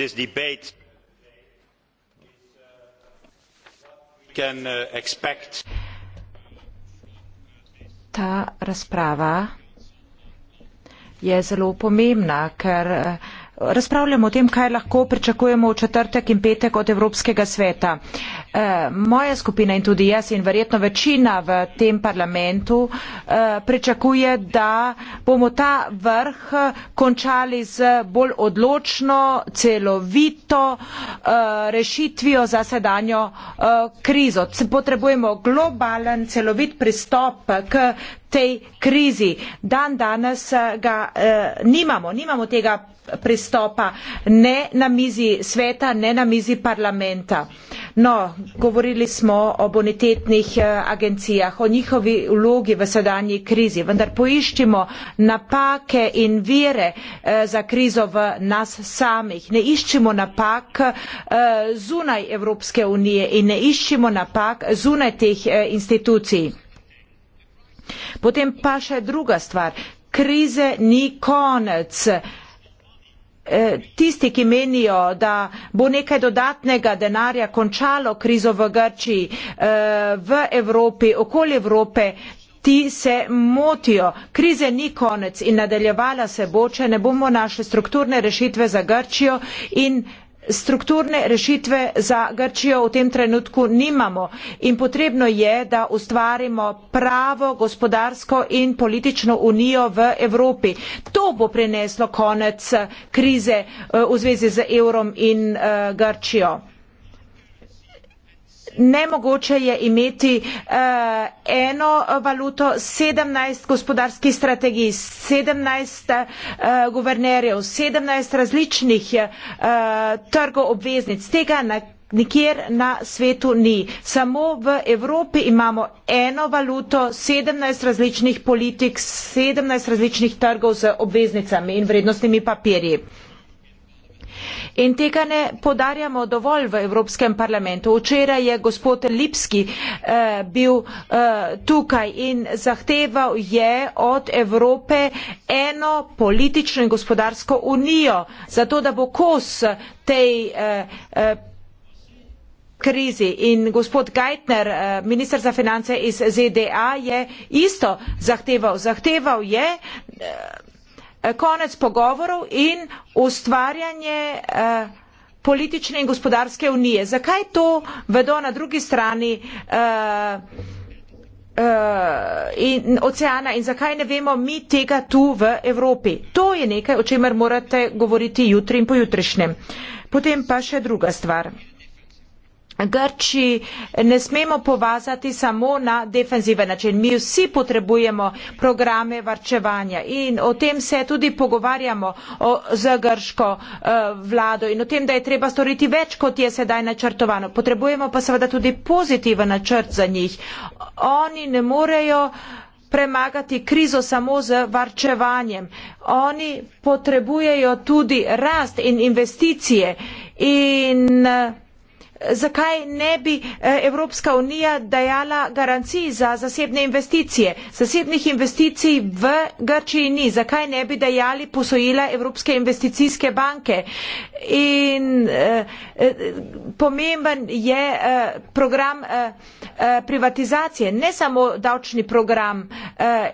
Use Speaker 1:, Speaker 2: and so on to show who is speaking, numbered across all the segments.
Speaker 1: this debate today is what we can uh,
Speaker 2: expect
Speaker 3: razpravljamo o tem, kaj lahko pričakujemo v četrtek in petek od Evropskega sveta. Eh, moja skupina in tudi jaz in verjetno večina v tem parlamentu eh, pričakuje, da bomo ta vrh eh, končali z bolj odločno, celovito rešitvijo za sedanjo krizo. Potrebujemo globalen, celovit pristop k tej krizi. Dan danes ga eh, nimamo, nimamo tega pristopa, ne na mizi sveta, ne na mizi parlamenta. No, govorili smo o bonitetnih eh, agencijah, o njihovi vlogi v sedanji krizi, vendar poiščimo napake in vire eh, za krizo v nas samih. Ne iščimo napak eh, zunaj Evropske unije in ne iščimo napak zunaj teh institucij. Potem pa še druga stvar. Krize ni konec. Eh, tisti, ki menijo, da bo nekaj dodatnega denarja končalo krizo v Grčiji, eh, v Evropi, okoli Evrope, ti se motijo. Krize ni konec in nadaljevala se bo, če ne bomo naše strukturne rešitve za Grčijo in strukturne rešitve za Grčijo v tem trenutku nimamo in potrebno je, da ustvarimo pravo gospodarsko in politično unijo v Evropi. To bo prineslo konec krize eh, v zvezi z evrom in eh, Grčijo nemogoče je imeti uh, eno eh, valuto, sedemnajst gospodarskih strategij, sedemnajst uh, guvernerjev, sedemnajst različnih uh, trgov obveznic. Tega na Nikjer na svetu ni. Samo v Evropi imamo eno valuto, 17 različnih politik, 17 različnih trgov z obveznicami in vrednostnimi papirji. In tega ne podarjamo dovolj v Evropskem parlamentu. Včeraj je gospod Lipski eh, bil eh, tukaj in zahteval je od Evrope eno politično in gospodarsko unijo, zato da bo kos tej. Eh, eh, krizi in gospod Geitner, eh, minister za finance iz ZDA, je isto zahteval. Zahteval je eh, Eh, konec pogovorov in ustvarjanje eh, politične in gospodarske unije. Zakaj to vedo na drugi strani eh, in oceana in zakaj ne vemo mi tega tu v Evropi. To je nekaj, o čemer morate govoriti jutri in pojutrišnjem. Potem pa še druga stvar. Grči ne smemo povazati samo na defenzive način. Mi vsi potrebujemo programe varčevanja in o tem se tudi pogovarjamo o, z grško eh, vlado in o tem, da je treba storiti več, kot je sedaj načrtovano. Potrebujemo pa seveda tudi pozitiven načrt za njih. Oni ne morejo premagati krizo samo z varčevanjem. Oni potrebujejo tudi rast in investicije. In, eh, zakaj ne bi eh, Evropska unija dajala garanciji za zasebne investicije? Zasebnih investicij v Grčiji ni. Zakaj ne bi dajali posojila Evropske investicijske banke? In eh, eh pomemben je eh, program eh, eh, privatizacije, ne samo davčni program. Eh,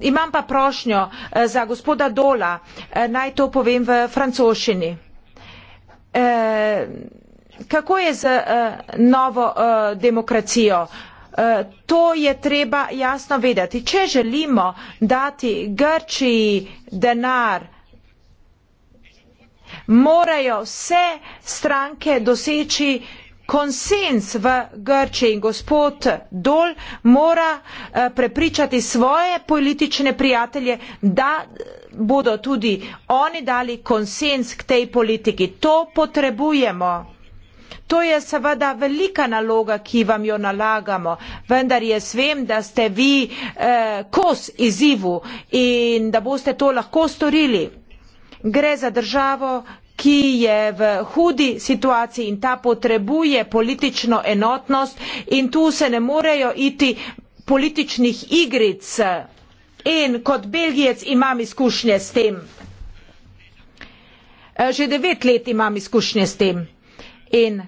Speaker 3: imam pa prošnjo eh, za gospoda Dola, eh, naj to povem v francoščini. Eh, kako je z novo demokracijo? To je treba jasno vedeti. Če želimo dati Grčiji denar, morajo vse stranke doseči konsens v Grčiji in gospod Dol mora eh, prepričati svoje politične prijatelje, da eh, bodo tudi oni dali konsens k tej politiki. To potrebujemo. To je seveda velika naloga, ki vam jo nalagamo, vendar jaz vem, da ste vi eh, kos izzivu in da boste to lahko storili. Gre za državo, ki je v hudi situaciji in ta potrebuje politično enotnost in tu se ne morejo iti političnih igric in kot belgijec imam izkušnje s tem. E, že devet let imam izkušnje s tem in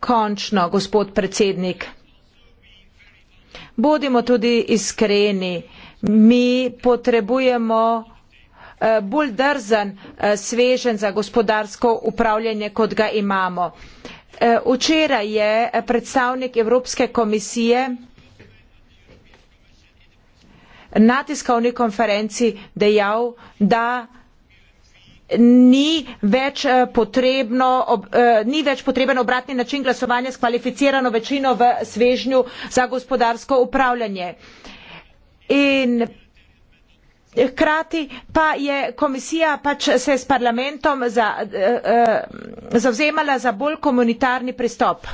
Speaker 3: končno, gospod predsednik, bodimo tudi iskreni, mi potrebujemo Eh, bolj drzen eh, svežen za gospodarsko upravljanje, kot ga imamo. Eh, včeraj je predstavnik Evropske komisije na tiskovni konferenci dejal, da ni več, potrebno, ob, eh, ni več potreben obratni način glasovanja s kvalificirano večino v svežnju za gospodarsko upravljanje. In Hkrati pa je komisija pač se s parlamentom za, eh, eh, zavzemala za bolj komunitarni pristop.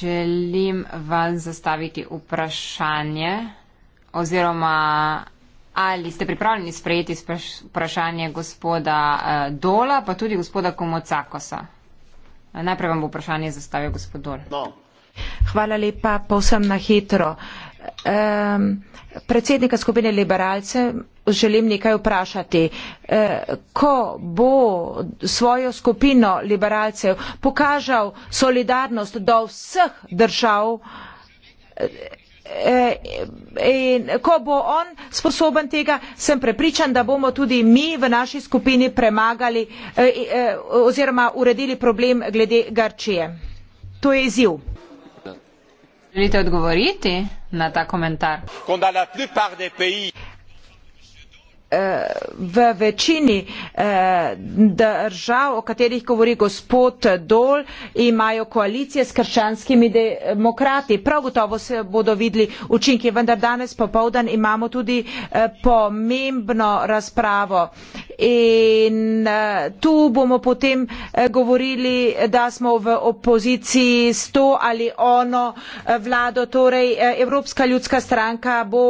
Speaker 2: Želim vam zastaviti vprašanje oziroma ali ste pripravljeni sprejeti vprašanje gospoda eh, Dola pa tudi gospoda Komocakosa. Najprej vam bo
Speaker 3: vprašanje zastavil gospod Dol. No. Hvala lepa, povsem na hitro. Um, predsednika skupine liberalce želim nekaj vprašati. E, ko bo svojo skupino liberalcev pokazal solidarnost do vseh držav, Eh, in ko bo on sposoben tega, sem prepričan, da bomo tudi mi v naši skupini premagali eh, eh, oziroma uredili problem glede Grčije. To je izziv. Želite odgovoriti na ta komentar? Eh, v večini eh, držav, o katerih govori gospod Dol, imajo koalicije s krščanskimi demokrati. Prav gotovo se bodo videli učinki, vendar danes popovdan imamo tudi eh, pomembno razpravo. In tu bomo potem govorili, da smo v opoziciji s to ali ono vlado, torej Evropska ljudska stranka bo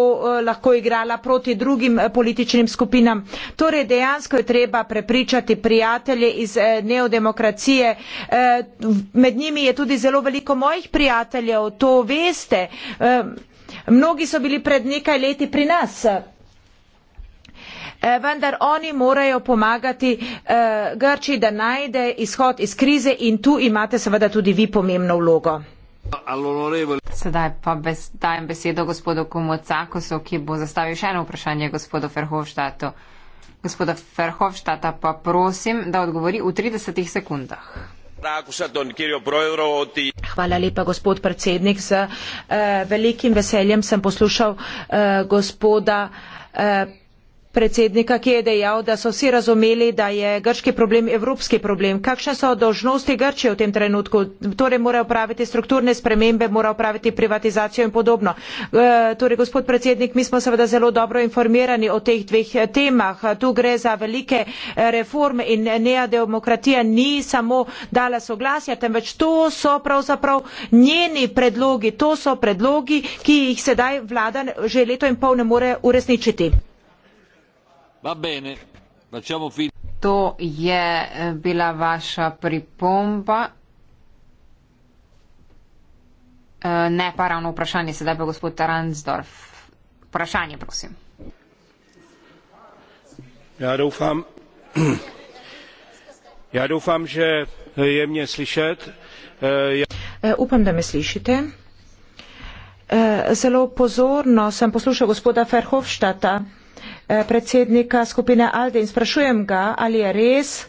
Speaker 3: lahko igrala proti drugim političnim etničnim skupinam. Torej dejansko je treba prepričati prijatelje iz eh, neodemokracije. Eh, med njimi je tudi zelo veliko mojih prijateljev, to veste. Eh, mnogi so bili pred nekaj leti pri nas. Vendar oni morajo pomagati Grči, da najde izhod iz krize in tu imate seveda tudi vi pomembno vlogo.
Speaker 2: Sedaj pa bez, dajem besedo gospodu Komocakosu, ki bo zastavil še eno vprašanje gospodu Ferhovštatu. Gospoda
Speaker 3: Ferhovštata pa prosim, da odgovori v 30 sekundah. Hvala lepa, gospod predsednik. Z uh, velikim veseljem sem poslušal uh, gospoda uh, predsednika, ki je dejal, da so vsi razumeli, da je grški problem evropski problem. Kakšne so dožnosti Grčije v tem trenutku? Torej mora upraviti strukturne spremembe, mora upraviti privatizacijo in podobno. E, torej, gospod predsednik, mi smo seveda zelo dobro informirani o teh dveh temah. Tu gre za velike e, reforme in neja demokratija ni samo dala soglasja, temveč to so pravzaprav njeni predlogi, to so predlogi, ki jih sedaj vlada že leto in pol ne more uresničiti.
Speaker 2: To je eh, bila vaša pripomba. Eh, ne pa ravno vprašanje, sedaj pa gospod Taransdorf. Vprašanje, prosim.
Speaker 4: Ja, doufám, ja, doufám že je mne slyšet.
Speaker 3: Ja... Upam, da me slišite. Zelo pozorno sem poslušal gospoda Ferhofštata. Eh, predsednika skupine Alde in sprašujem ga, ali je res,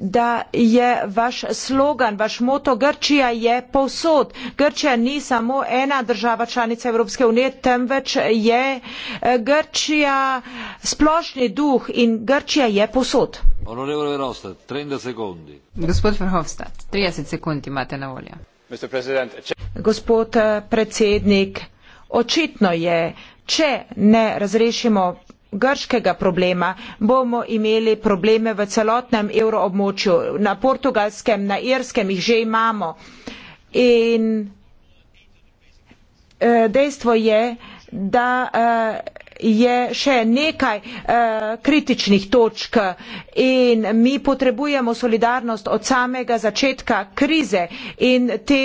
Speaker 3: da je vaš slogan, vaš moto Grčija je povsod. Grčija ni samo ena država članica Evropske unije, temveč je eh, Grčija splošni duh in Grčija je povsod. Gospod Verhofstadt, 30 sekund imate na voljo. Gospod eh, predsednik, očitno je, če ne razrešimo grškega problema, bomo imeli probleme v celotnem evroobmočju, na portugalskem, na irskem jih že imamo. In eh, dejstvo je, da eh, je še nekaj eh, kritičnih točk in mi potrebujemo solidarnost od samega začetka krize in te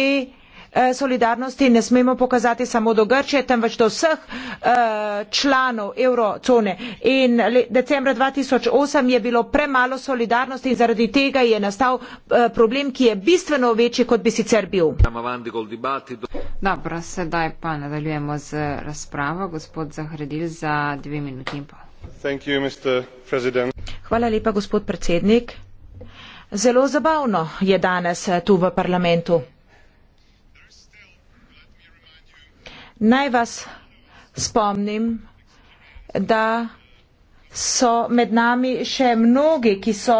Speaker 3: Eh, solidarnosti ne smemo pokazati samo do Grčije, temveč do vseh eh, članov eurocone. In decembra 2008 je bilo premalo solidarnosti in zaradi tega je nastal eh, problem, ki je bistveno večji, kot bi sicer bil. Dobro, sedaj
Speaker 2: pa nadaljujemo z razpravo. Gospod Zahredil za dve minuti in pol.
Speaker 1: You,
Speaker 3: Hvala lepa, gospod predsednik. Zelo zabavno je danes tu v parlamentu. Naj vas spomnim, da so med nami še mnogi, ki so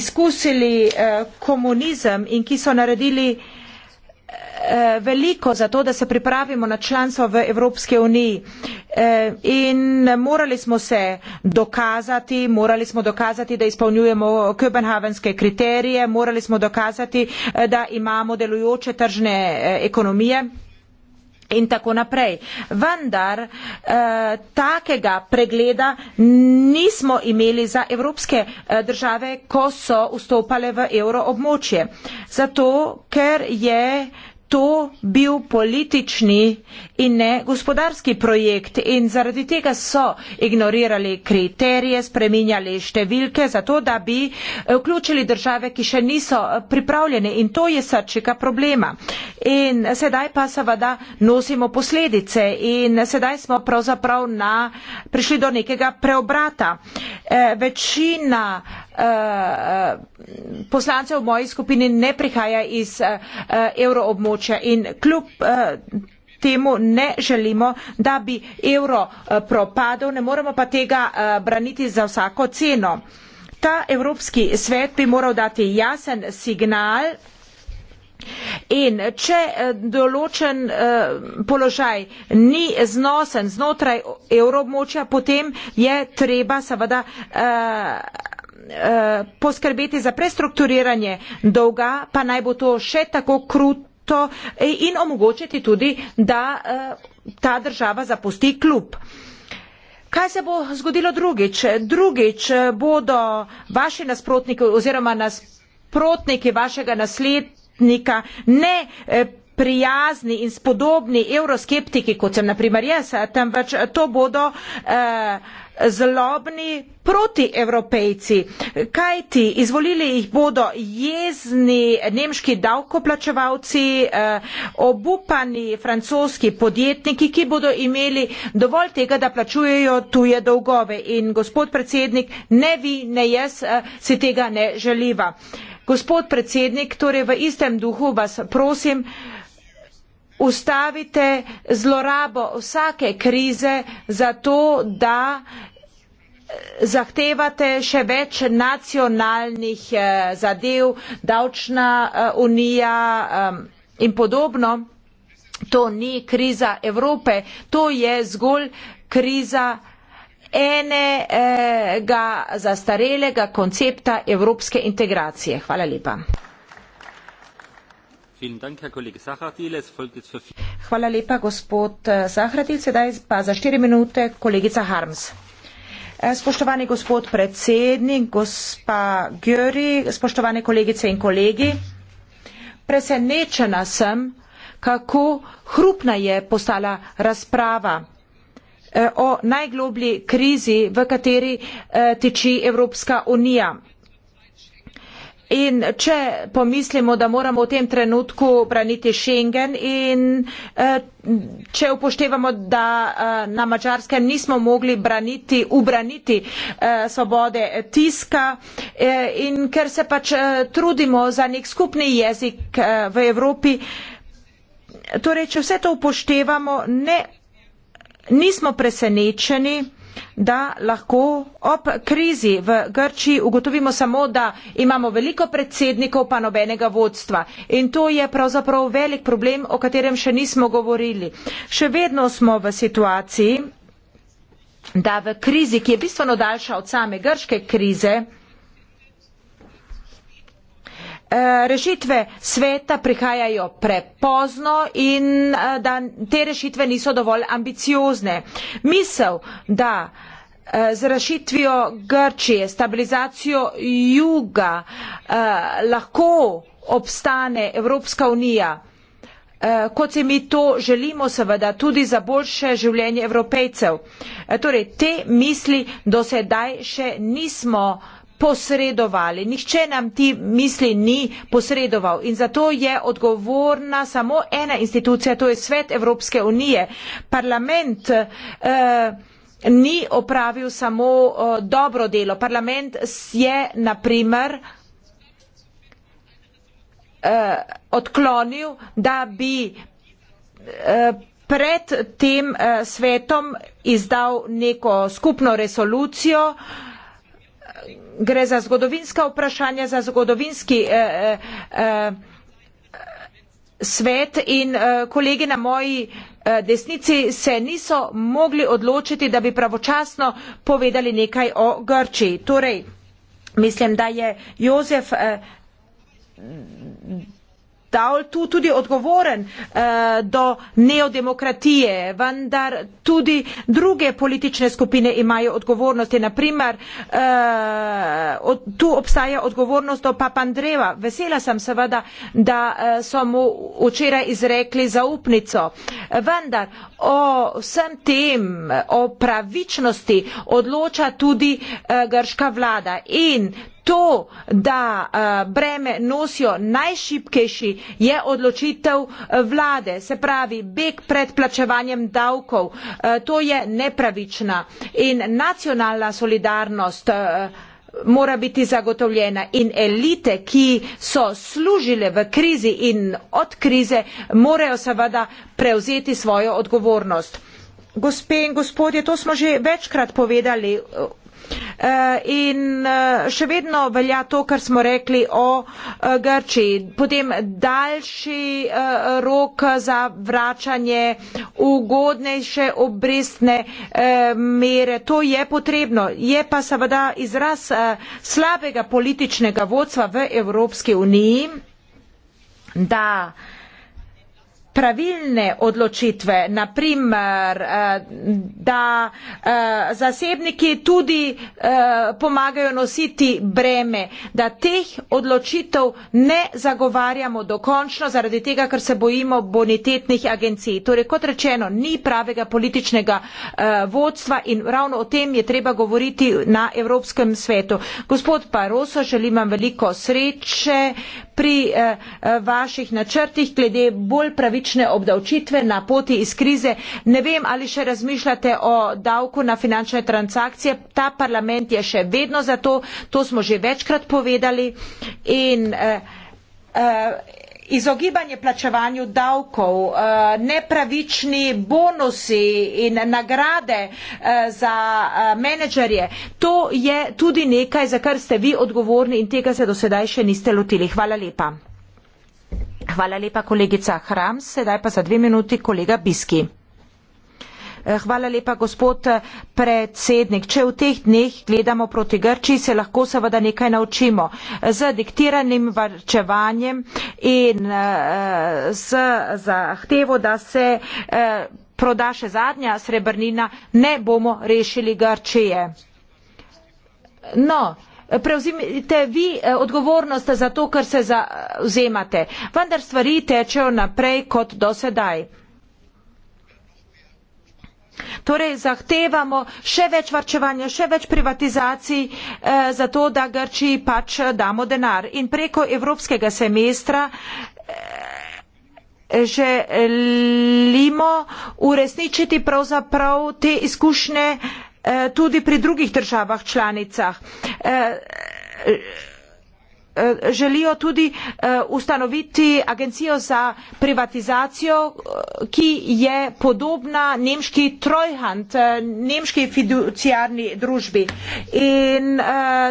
Speaker 3: izkusili eh, komunizem in ki so naredili eh, veliko za to, da se pripravimo na članstvo v Evropske uniji. Eh, in morali smo se dokazati, morali smo dokazati, da izpolnjujemo kopenhavenske kriterije, morali smo dokazati, da imamo delujoče tržne ekonomije in tako naprej. Vendar eh, takega pregleda nismo imeli za evropske eh, države, ko so vstopale v evroobmočje. Zato, ker je eh, to bil politični in ne gospodarski projekt in zaradi tega so ignorirali kriterije, spreminjali številke, zato da bi eh, vključili države, ki še niso eh, pripravljene in to je srčika problema. In sedaj pa seveda nosimo posledice in sedaj smo pravzaprav na, prišli do nekega preobrata. E, večina Eh, eh, poslancev v moji skupini ne prihaja iz uh, uh, eh, euroobmočja in kljub. Uh, Temu ne želimo, da bi evro propadel, ne moremo pa tega braniti za vsako ceno. Ta Evropski svet bi moral dati jasen signal in če določen položaj ni znosen znotraj evroobmočja, potem je treba seveda Eh, poskrbeti za prestrukturiranje dolga, pa naj bo to še tako kruto eh, in omogočiti tudi, da eh, ta država zapusti klub. Kaj se bo zgodilo drugič? Drugič bodo vaši nasprotniki oziroma nasprotniki vašega nasled nasprotnika, ne eh, prijazni in spodobni euroskeptiki, kot sem naprimer jaz, temveč to bodo eh, zlobni protievropejci. Kaj ti, izvolili jih bodo jezni nemški davkoplačevalci, eh, obupani francoski podjetniki, ki bodo imeli dovolj tega, da plačujejo tuje dolgove. In gospod predsednik, ne vi, ne jaz eh, si tega ne želiva. Eh, Gospod predsednik, torej v istem duhu vas prosim, ustavite zlorabo vsake krize za to, da eh, zahtevate še več nacionalnih eh, zadev, davčna eh, unija in podobno. To ni kriza Evrope, to je zgolj kriza Evrope enega zastarelega koncepta evropske integracije. Hvala lepa. Hvala lepa, gospod Zahradil. Eh, Sedaj pa za štiri minute kolegica Harms. Eh, spoštovani gospod predsednik, gospa Göri, spoštovane kolegice in kolegi, presenečena sem, kako hrupna je postala razprava. Eh, o najgloblji krizi, v kateri eh, tiči Evropska unija. In če pomislimo, da moramo v tem trenutku braniti Schengen in eh, če upoštevamo, da na Mačarskem nismo mogli braniti, ubraniti svobode tiska in ker se pač trudimo za nek skupni jezik v Evropi, torej če vse to upoštevamo, ne nismo presenečeni, da lahko ob krizi v Grčiji ugotovimo samo, da imamo veliko predsednikov pa nobenega vodstva. In to je pravzaprav velik problem, o katerem še nismo govorili. Še vedno smo v situaciji, da v krizi, ki je bistveno daljša od same grške krize, Eh, rešitve sveta prihajajo prepozno in eh, da te rešitve niso dovolj ambiciozne. Misel, da eh, z rešitvijo Grčije, stabilizacijo juga lahko obstane Evropska unija, kot se mi to želimo seveda tudi za boljše življenje evropejcev. Torej, te misli do sedaj še nismo posredovali. Nihče nam ti misli ni posredoval in zato je odgovorna samo ena institucija, to je Svet Evropske unije. Parlament eh, ni opravil samo eh, dobro delo. Parlament je, na primer, eh, odklonil, da bi eh, pred tem eh, svetom izdal neko skupno resolucijo, gre za zgodovinska vprašanja, za zgodovinski eh, eh, eh, svet in kolegi na moji desnici se niso mogli odločiti, da bi pravočasno povedali nekaj o Grčiji. Torej, mislim, da je Jozef Daul tu tudi odgovoren uh, do neodemokratije, vendar tudi druge politične skupine imajo odgovornosti. Naprimer, uh, eh, od, tu obstaja odgovornost do Papandreva. Vesela sem seveda, da uh, so mu včeraj izrekli zaupnico. Vendar o vsem tem, o pravičnosti odloča tudi uh, grška vlada. In to, da eh, breme nosijo najšipkejši, je odločitev eh, vlade. Se pravi, beg pred plačevanjem davkov, eh, to je nepravična in nacionalna solidarnost mora biti zagotovljena in elite, ki so služile v krizi in od krize, morajo seveda prevzeti svojo odgovornost. Gospe in gospodje, to smo že večkrat povedali, Eh, in eh, še vedno velja to, kar smo rekli o eh, Grčiji. Potem daljši rok za vračanje, ugodnejše obrestne mere. To je potrebno. Je pa seveda izraz slabega političnega vodstva v Evropski uniji, da pravilne odločitve, naprimer, eh, da eh, zasebniki tudi eh, pomagajo nositi breme, da teh odločitev ne zagovarjamo dokončno zaradi tega, ker se bojimo bonitetnih agencij. Torej, kot rečeno, ni pravega političnega vodstva in ravno o tem je treba govoriti na Evropskem svetu. Gospod Paroso, želim vam veliko sreče pri vaših načrtih glede bolj pravilnih nepravične obdavčitve na poti iz krize. Ne vem, ali še razmišljate o davku na finančne transakcije. Ta parlament je še vedno za to, to smo že večkrat povedali. In, eh, eh, Izogibanje plačevanju davkov, eh, nepravični bonusi in nagrade eh, za eh, menedžerje, to je tudi nekaj, za kar ste vi odgovorni in tega se do sedaj še niste lotili. Hvala lepa. Hvala lepa, kolegica Hram. Sedaj pa za dve minuti kolega Biski. Eh, hvala lepa, gospod eh, predsednik. Če v teh dneh gledamo proti Grči, se lahko seveda nekaj naučimo. Eh, z diktiranim varčevanjem in z zahtevo, da se proda še zadnja srebrnina, ne bomo rešili Grčije. No, prevzimite vi eh, odgovornost za to, kar se zauzemate. Vendar stvari tečejo naprej kot do sedaj. Torej zahtevamo še več varčevanja, še več privatizacij, eh, zato da Grčiji pač damo denar. In preko evropskega semestra eh, želimo uresničiti pravzaprav te izkušnje. Eh, Eh, tudi pri drugih državah članicah. Eh, Eh, želijo tudi eh, ustanoviti agencijo za privatizacijo, eh, ki je podobna nemški Trojhand, nemški fiduciarni družbi. In uh,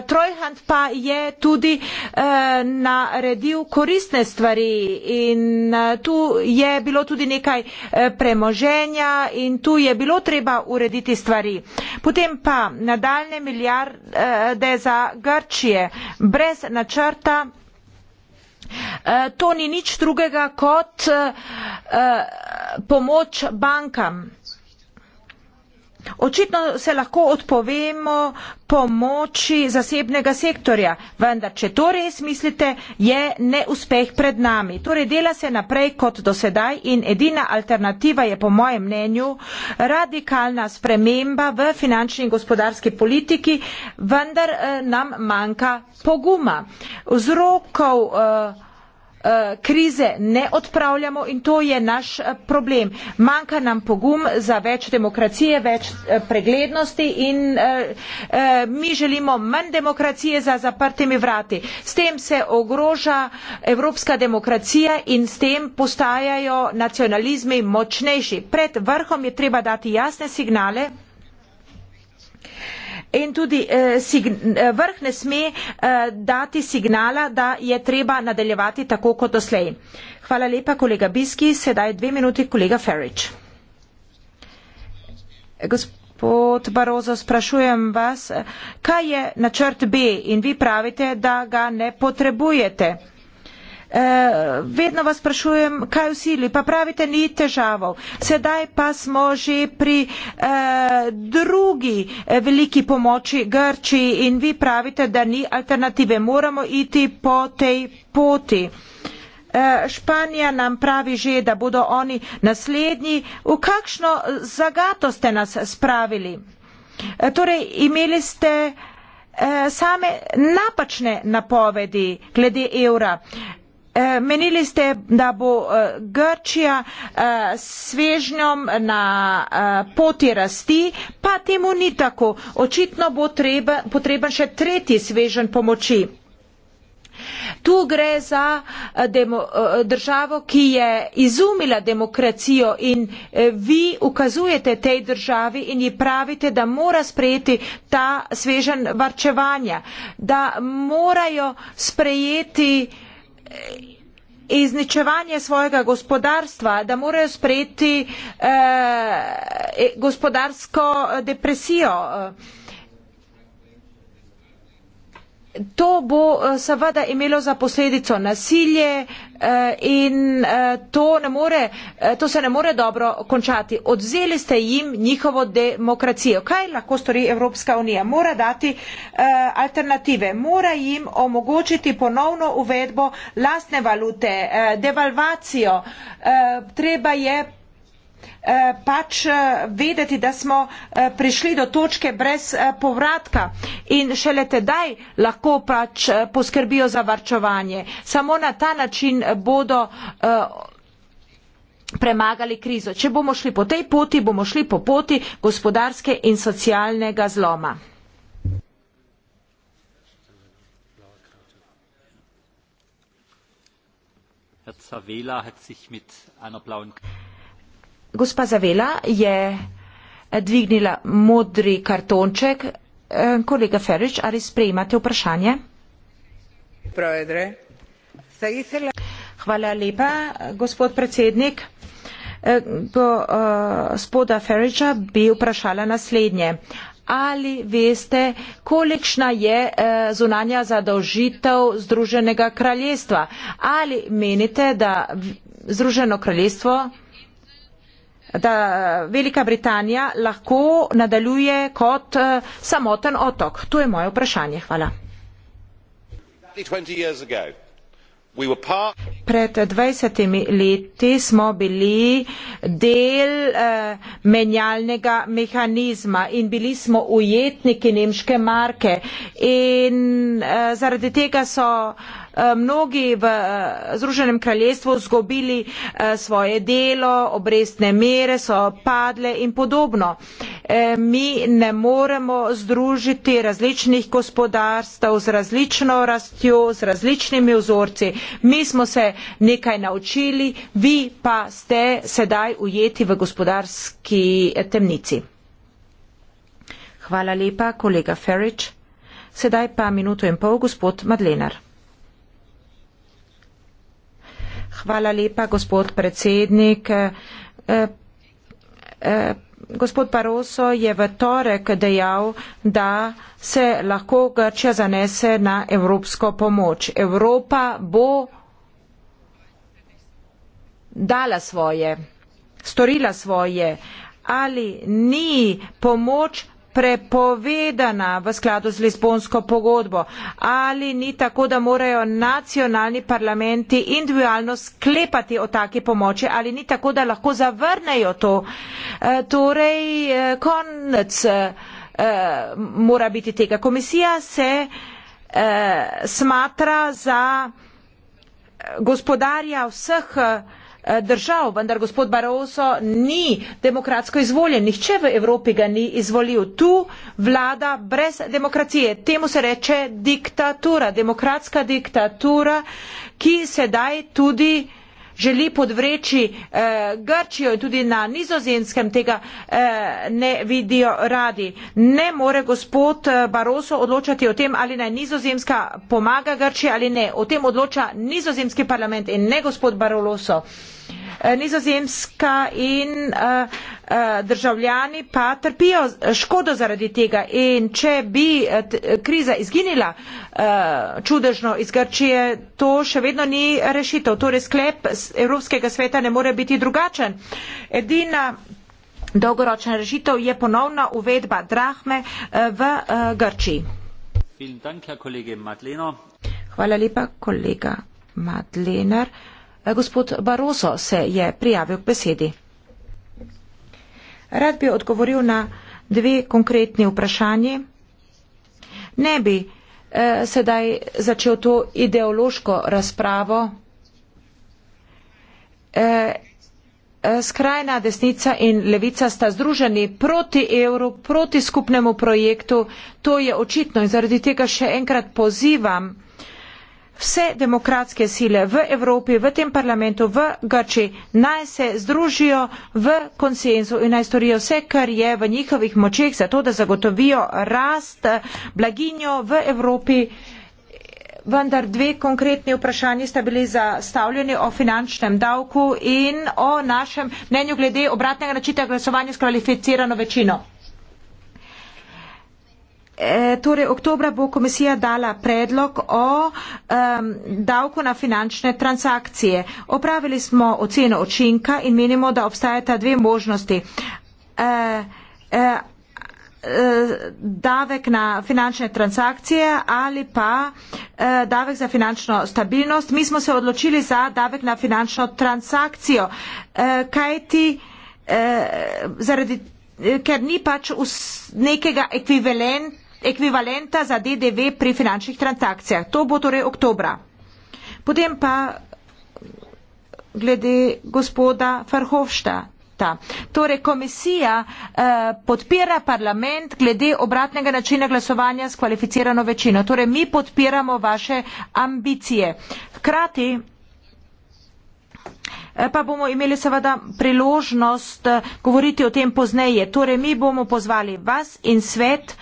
Speaker 3: Trojhand pa je tudi uh, naredil koristne stvari in uh, tu je bilo tudi nekaj uh, premoženja in tu je bilo treba urediti stvari. Potem pa nadaljne milijarde za Grčije brez načrta Stuttgarta. E, to ni nič drugega kot e, e, pomoč bankam. Očitno se lahko odpovemo pomoči zasebnega sektorja, vendar če to res mislite, je neuspeh pred nami. Torej dela se naprej kot dosedaj in edina alternativa je po mojem mnenju radikalna sprememba v finančni in gospodarski politiki, vendar eh, nam manjka poguma. Vzrokov eh, Eh, krize ne odpravljamo in to je naš eh, problem. Manjka nam pogum za več demokracije, več eh, preglednosti in mi želimo manj demokracije za zaprtimi vrati. S tem se ogroža evropska demokracija in s tem postajajo nacionalizmi močnejši. Pred vrhom je treba dati jasne signale, In tudi eh, sign, eh, vrh ne sme eh, dati signala, da je treba nadaljevati tako kot doslej. Hvala lepa, kolega Biski. Sedaj dve minuti, kolega Ferič. Gospod Barozo, sprašujem vas, eh, kaj je načrt B in vi pravite, da ga ne potrebujete. Eh, vedno vas sprašujem, kaj v sili, pa pravite, ni težavo. Sedaj pa smo že pri e, drugi eh, veliki pomoči Grči in vi pravite, da ni alternative, moramo iti po tej poti. E, Španija nam pravi že, da bodo oni naslednji. V kakšno zagato ste nas spravili? E, torej, imeli ste e, same napačne napovedi glede evra. Eh, menili ste, da bo eh, Grčija eh, svežnjom na poti rasti, pa temu ni tako. Očitno bo treba, potreben še tretji svežen pomoči. Tu gre za demo, državo, ki je izumila demokracijo in vi ukazujete tej državi in ji pravite, da mora sprejeti ta svežen varčevanja, da morajo sprejeti uh, izničevanje svojega gospodarstva, da morajo sprejeti eh, gospodarsko depresijo. Eh, to bo eh, seveda imelo za posledico nasilje eh, in eh, to, ne more, to se ne more dobro končati. Odzeli ste jim njihovo demokracijo. Kaj lahko stori Evropska unija? Mora dati alternative, mora jim omogočiti ponovno uvedbo lastne valute, devalvacijo. Treba je Eh, pač eh, vedeti, da smo eh, prišli do točke brez povratka in šele tedaj lahko pač poskrbijo za varčovanje. Samo na ta način bodo premagali krizo. Če bomo šli po tej poti, bomo šli po poti gospodarske in socialnega zloma.
Speaker 1: Herr Zavela hat sich mit einer blauen.
Speaker 3: Gospa Zavela je eh, dvignila modri kartonček. Eh, kolega Ferič, ali sprejmate vprašanje? Hvala lepa, gospod predsednik. Eh, gospoda Feriča bi vprašala naslednje. Ali veste, kolikšna je zunanja zadolžitev Združenega kraljestva? Ali menite, da Združeno kraljestvo da Velika Britanija lahko nadaljuje kot uh, samoten otok. To je moje vprašanje. Hvala. Pred 20 leti smo bili del uh, menjalnega mehanizma in bili smo ujetniki nemške marke in uh, zaradi tega so uh, Eh, mnogi v eh, Združenem kraljestvu zgobili eh, svoje delo, obrestne mere so padle in podobno. Mi ne moremo združiti različnih gospodarstv z različno rastjo, z različnimi vzorci. Mi smo se nekaj naučili, vi pa ste sedaj ujeti v gospodarski temnici. Hvala lepa, kolega Ferič. Sedaj pa minuto in pol, gospod Madlenar. Hvala lepa, gospod predsednik. Eh, eh, gospod Paroso je v torek dejal, da se lahko Grčija zanese na evropsko pomoč. Evropa bo dala svoje, storila svoje. Ali ni pomoč prepovedana v skladu z Lizbonsko pogodbo ali ni tako, da morajo nacionalni parlamenti individualno sklepati o taki pomoči ali ni tako, da lahko zavrnejo to. E, torej, e, konec e, mora biti tega. Komisija se e, smatra za gospodarja vseh e, Eh, držav, vendar gospod Barroso ni demokratsko izvoljen, nihče v Evropi ga ni izvolil. Tu vlada brez demokracije. Temu se reče diktatura, demokratska diktatura, ki sedaj tudi želi podvreči eh, Grčijo in tudi na nizozemskem tega eh, ne vidijo radi. Ne more gospod eh, Baroso odločati o tem, ali naj nizozemska pomaga Grčiji ali ne. O tem odloča nizozemski parlament in ne gospod Baroso. Eh, nizozemska in eh, eh, državljani pa trpijo škodo zaradi tega. In če bi kriza izginila čudežno iz Grčije, to še vedno ni rešitev. Torej sklep Evropskega sveta ne more biti drugačen. Edina dolgoročna rešitev je ponovna uvedba drahme v Grčiji. Hvala lepa, kolega Madlenar. Eh, gospod Baroso se je prijavil k besedi. Rad bi odgovoril na dve konkretni vprašanji. Ne bi eh, sedaj začel to ideološko razpravo. Eh, eh skrajna desnica in levica sta združeni proti evru, proti skupnemu projektu. To je očitno in zaradi tega še enkrat pozivam vse demokratske sile v Evropi, v tem parlamentu, v Grči, naj se združijo v konsenzu in naj storijo vse, kar je v njihovih močeh, zato da zagotovijo rast, blaginjo v Evropi. Vendar dve konkretni vprašanji sta bili zastavljeni o finančnem davku in o našem mnenju glede obratnega načita glasovanja s kvalificirano večino. E, torej, oktobra bo komisija dala predlog o um, davku na finančne transakcije. Opravili smo oceno očinka in menimo, da obstajata dve možnosti. Uh, uh, davek na finančne transakcije ali pa uh, davek za finančno stabilnost. Mi smo se odločili za davek na finančno transakcijo, uh, kajti uh, zaradi, ker ni pač us, nekega ekvivalenta ekvivalenta za DDV pri finančnih transakcijah. To bo torej oktobra. Potem pa glede gospoda Farhovšta. Ta. Torej, komisija eh, podpira parlament glede obratnega načina glasovanja s kvalificirano večino. Torej, mi podpiramo vaše ambicije. Hkrati Eh, pa bomo imeli seveda priložnost eh, govoriti o tem pozneje. Torej, mi bomo pozvali vas in svet,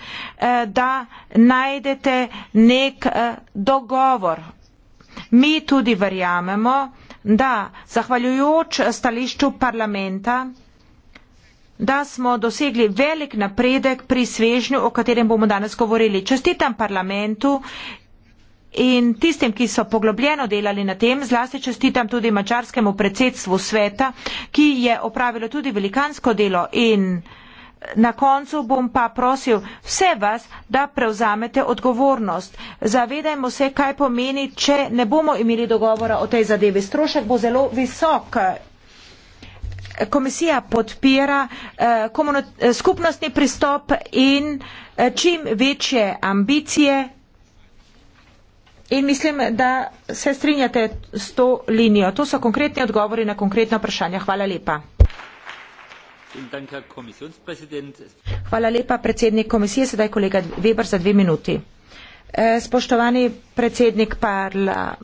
Speaker 3: eh, da najdete nek dogovor. Mi tudi verjamemo, da zahvaljujoč stališču parlamenta, da smo dosegli velik napredek pri svežnju, o katerem bomo danes govorili. Čestitam parlamentu In tistim, ki so poglobljeno delali na tem, zlasti čestitam tudi mačarskemu predsedstvu sveta, ki je opravilo tudi velikansko delo. In na koncu bom pa prosil vse vas, da prevzamete odgovornost. Zavedajmo se, kaj pomeni, če ne bomo imeli dogovora o tej zadevi. Strošek bo zelo visok. Komisija podpira eh, eh skupnostni pristop in eh, čim večje ambicije In mislim, da se strinjate s to linijo. To so konkretni odgovori na konkretno vprašanje. Hvala lepa. Hvala lepa, predsednik komisije. Sedaj kolega Weber za dve minuti. E, spoštovani predsednik parlamenta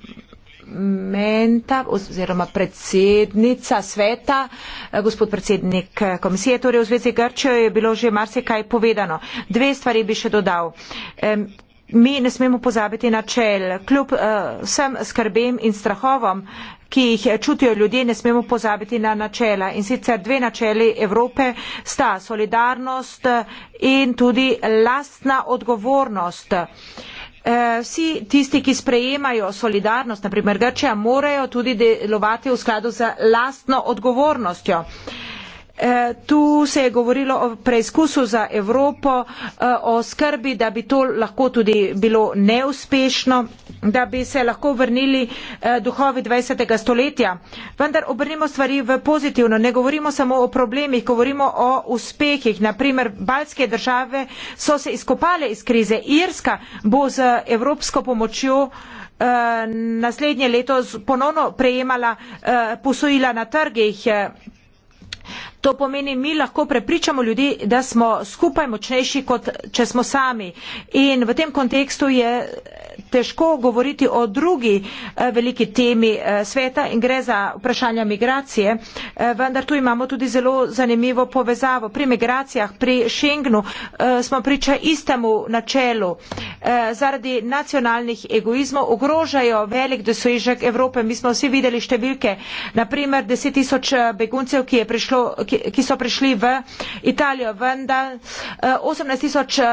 Speaker 3: oziroma predsednica sveta, e, gospod predsednik e, komisije, torej v zvezi Grčijo je bilo že marsikaj povedano. Dve stvari bi še dodal mi ne smemo pozabiti na čel. Kljub uh, vsem skrbem in strahovom, ki jih čutijo ljudje, ne smemo pozabiti na načela. In sicer dve načeli Evrope sta solidarnost eh, in tudi lastna odgovornost. Eh, vsi tisti, ki sprejemajo solidarnost, naprimer Grčija, morajo tudi delovati v skladu z lastno odgovornostjo. Eh, tu se je govorilo o preizkusu za Evropo, eh, o skrbi, da bi to lahko tudi bilo neuspešno, da bi se lahko vrnili eh, duhovi 20. stoletja. Vendar obrnimo stvari v pozitivno, ne govorimo samo o problemih, govorimo o uspehih. Naprimer, baljske države so se izkopale iz krize. Irska bo z evropsko pomočjo naslednje leto ponovno prejemala posojila na trgih. To pomeni, mi lahko prepričamo ljudi, da smo skupaj močnejši, kot če smo sami. In v tem kontekstu je težko govoriti o drugi eh, veliki temi eh, sveta in gre za vprašanja migracije, eh, vendar tu imamo tudi zelo zanimivo povezavo. Pri migracijah, pri Schengnu smo priča istemu načelu. Zaradi nacionalnih egoizmov ogrožajo velik dosežek Evrope. Mi smo vsi videli številke, naprimer 10 tisoč beguncev, ki je prišlo, ki ki so prišli v Italijo. Vendar 18 eh, tisoč eh,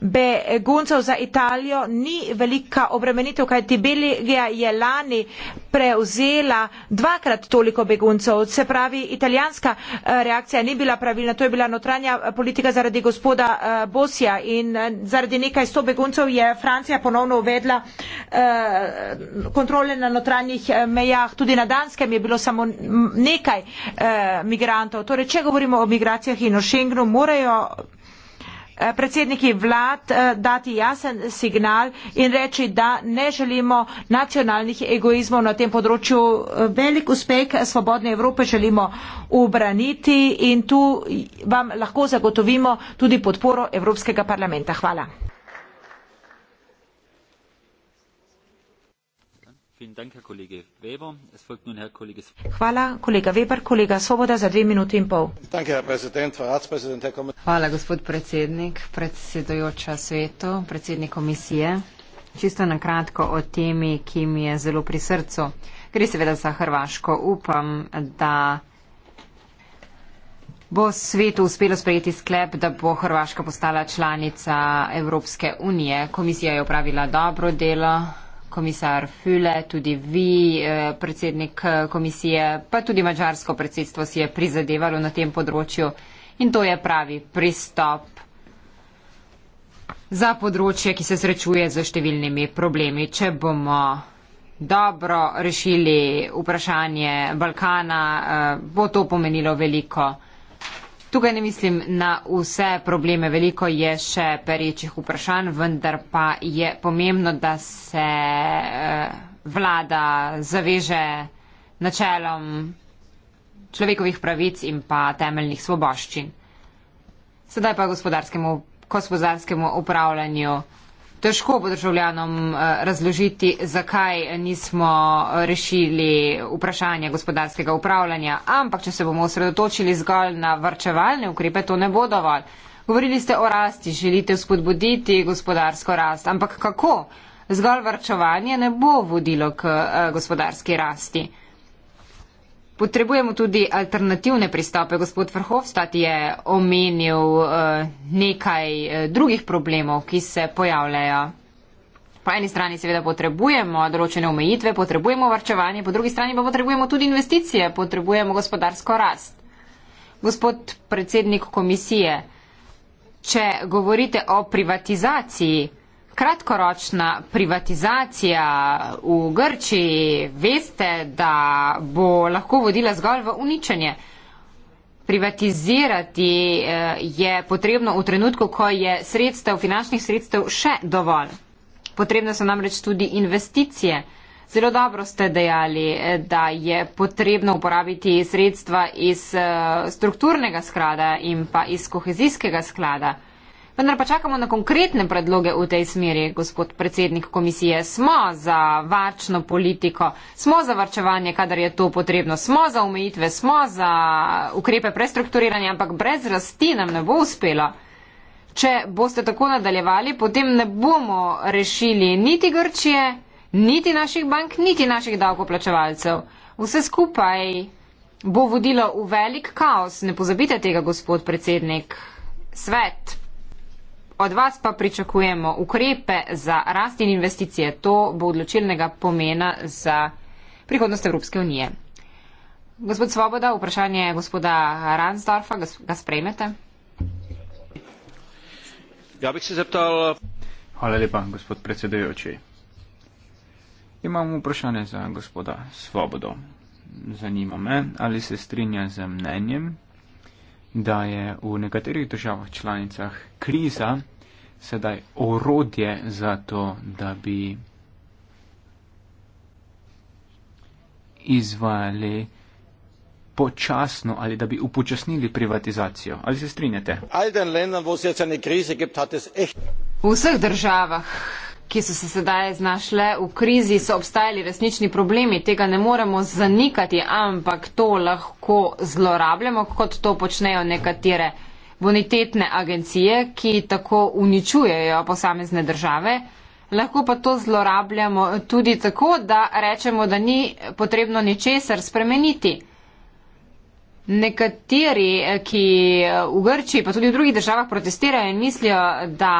Speaker 3: beguncev za Italijo ni velika obremenitev, kajti Belgija je lani prevzela dvakrat toliko beguncev. Se pravi, italijanska eh, reakcija ni bila pravilna, to je bila notranja politika zaradi gospoda Bosija in zaradi nekaj sto beguncev je Francija ponovno uvedla kontrole na notranjih mejah. Tudi na Danskem je bilo samo nekaj migrantov. Torej Torej, če govorimo o migracijah in o Schengenu, morajo eh, predsedniki vlad eh, dati jasen signal in reči, da ne želimo nacionalnih egoizmov na tem področju. Eh, velik uspeh svobodne Evrope želimo obraniti in tu vam lahko zagotovimo tudi podporo Evropskega parlamenta. Hvala. Hvala, kolega Weber. Kolega Svoboda za dve minuti in pol.
Speaker 2: Hvala, gospod predsednik, predsedujoča svetu, predsednik komisije. Čisto na kratko o temi, ki mi je zelo pri srcu. Gre seveda za Hrvaško. Upam, da bo svetu uspelo sprejeti sklep, da bo Hrvaška postala članica Evropske unije. Komisija je upravila dobro delo komisar Füle, tudi vi, eh, predsednik eh, komisije, pa tudi mačarsko predsedstvo si je prizadevalo na tem področju in to je pravi pristop za področje, ki se srečuje z številnimi problemi. Če bomo dobro rešili vprašanje Balkana, eh, bo to pomenilo veliko. Tukaj ne mislim na vse probleme, veliko je še perečih vprašanj, vendar pa je pomembno, da se eh, vlada zaveže načelom človekovih pravic in pa temeljnih svoboščin. Sedaj pa gospodarskemu, gospodarskemu upravljanju težko bo državljanom eh, razložiti, zakaj nismo rešili vprašanja gospodarskega upravljanja. Ampak, če se bomo osredotočili zgolj na vrčevalne ukrepe, to ne bo dovolj. Govorili ste o rasti, želite spodbuditi gospodarsko rast. Ampak kako? Zgolj vrčevanje ne bo vodilo k eh, gospodarski rasti potrebujemo tudi alternativne pristope. Gospod Vrhovstad je omenil uh, nekaj eh, drugih problemov, ki se pojavljajo. Po eni strani seveda potrebujemo določene omejitve, potrebujemo varčevanje, po drugi strani pa potrebujemo tudi investicije, potrebujemo gospodarsko rast. Gospod predsednik komisije, če govorite o privatizaciji, kratkoročna privatizacija v Grčiji, veste, da bo lahko vodila zgolj v uničenje. Privatizirati eh, je potrebno v trenutku, ko je sredstev, finančnih sredstev še dovolj. Potrebne so namreč tudi investicije. Zelo dobro ste dejali, eh, da je potrebno uporabiti sredstva iz eh, strukturnega sklada in pa iz kohezijskega sklada. Vendar pa čakamo na konkretne predloge v tej smeri, gospod predsednik komisije. Smo za varčno politiko, smo za varčevanje, kadar je to potrebno, smo za omejitve, smo za ukrepe prestrukturiranja, ampak brez rasti nam ne bo uspelo. Če boste tako nadaljevali, potem ne bomo rešili niti Grčije, niti naših bank, niti naših davkoplačevalcev. Vse skupaj bo vodilo v velik kaos. Ne pozabite tega, gospod predsednik. Svet, Od vas pa pričakujemo ukrepe za rast in investicije. To bo odločilnega pomena za prihodnost Evropske unije. Gospod Svoboda, vprašanje gospoda Ransdorfa, ga sprejmete?
Speaker 1: Ja bih se zeptal.
Speaker 4: Hvala lepa, gospod predsedujoči. Imam vprašanje za gospoda Svobodo. Zanima me, ali se strinja z mnenjem, da je v nekaterih državah članicah kriza sedaj orodje za to, da bi izvajali počasno ali da bi upočasnili privatizacijo. Ali se strinjate?
Speaker 2: V vseh državah ki so se sedaj znašle v krizi, so obstajali resnični problemi. Tega ne moremo zanikati, ampak to lahko zlorabljamo, kot to počnejo nekatere bonitetne agencije, ki tako uničujejo posamezne države. Lahko pa to zlorabljamo tudi tako, da rečemo, da ni potrebno ničesar spremeniti. Nekateri, ki v Grčiji, pa tudi v drugih državah protestirajo in mislijo, da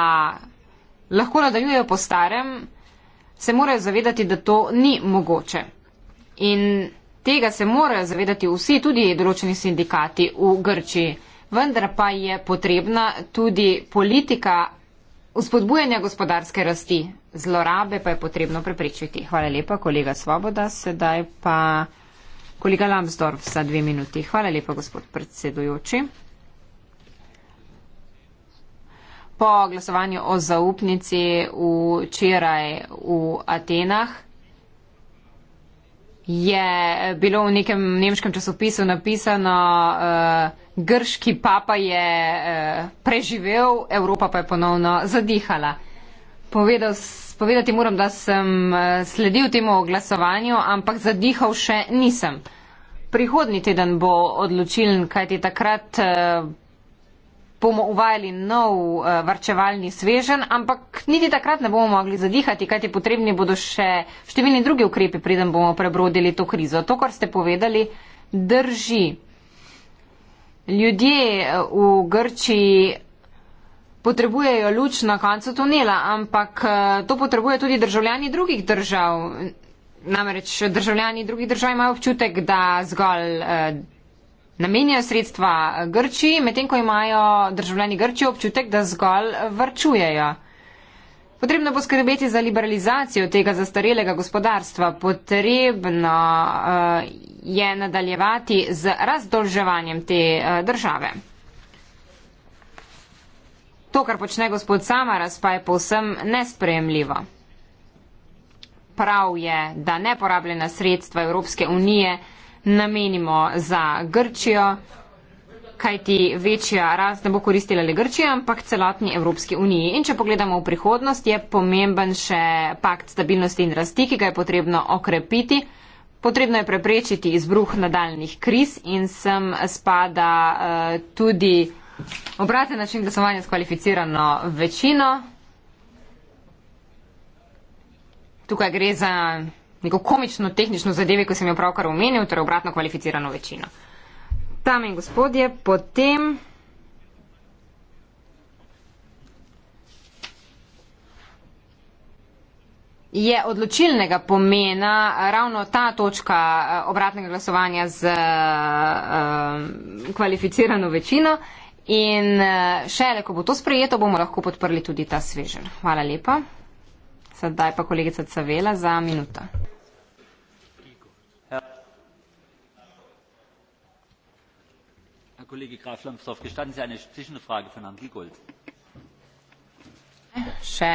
Speaker 2: lahko nadaljujejo po starem, se morajo zavedati, da to ni mogoče. In tega se morajo zavedati vsi, tudi določeni sindikati v Grčiji. Vendar pa je potrebna tudi politika uspodbujanja gospodarske rasti. Zlorabe pa je potrebno preprečiti. Hvala lepa, kolega Svoboda. Sedaj pa kolega Lambsdorf za dve minuti. Hvala lepa, gospod predsedujoči. po glasovanju o zaupnici včeraj v Atenah je bilo v nekem nemškem časopisu napisano, uh, grški papa je uh, preživel, Evropa pa je ponovno zadihala. Povedal, povedati moram, da sem eh, sledil temu glasovanju, ampak zadihal še nisem. Prihodni teden bo odločilen, kajti takrat. Uh, bomo uvajali nov eh, varčevalni svežen, ampak niti takrat ne bomo mogli zadihati, kajti potrebni bodo še številni drugi ukrepi, preden bomo prebrodili to krizo. To, kar ste povedali, drži. Ljudje eh, v Grčiji potrebujejo luč na koncu tunela, ampak eh, to potrebuje tudi državljani drugih držav. Namreč državljani drugih držav imajo občutek, da zgolj. Eh, namenjajo sredstva Grči, medtem ko imajo državljani Grči občutek, da zgolj vrčujejo. Potrebno bo skrbeti za liberalizacijo tega zastarelega gospodarstva. Potrebno uh, je nadaljevati z razdolževanjem te uh, države. To, kar počne gospod Samaras, pa je povsem nesprejemljivo. Prav je, da neporabljena sredstva Evropske unije uh, namenimo za Grčijo, kajti večja rast ne bo koristila le Grčija, ampak celotni Evropski uniji. In če pogledamo v prihodnost, je pomemben še pakt stabilnosti in rasti, ki ga je potrebno okrepiti. Potrebno je preprečiti izbruh nadaljnih kriz in sem spada uh, tudi obraten način glasovanja s kvalificirano večino. Tukaj gre za neko komično tehnično zadevi, ko sem jo pravkar omenil, torej obratno kvalificirano večino. Dame in gospodje, potem. Je odločilnega pomena ravno ta točka eh, obratnega glasovanja z um, kvalificirano večino in eh, šele, ko bo to sprejeto, bomo lahko podprli tudi ta svežen. Hvala lepa. Sedaj pa kolegica Cavela za minuto.
Speaker 1: kollege graf lambsdorff gestatten sie eine zwischenfrage von herrn giegold?
Speaker 2: Še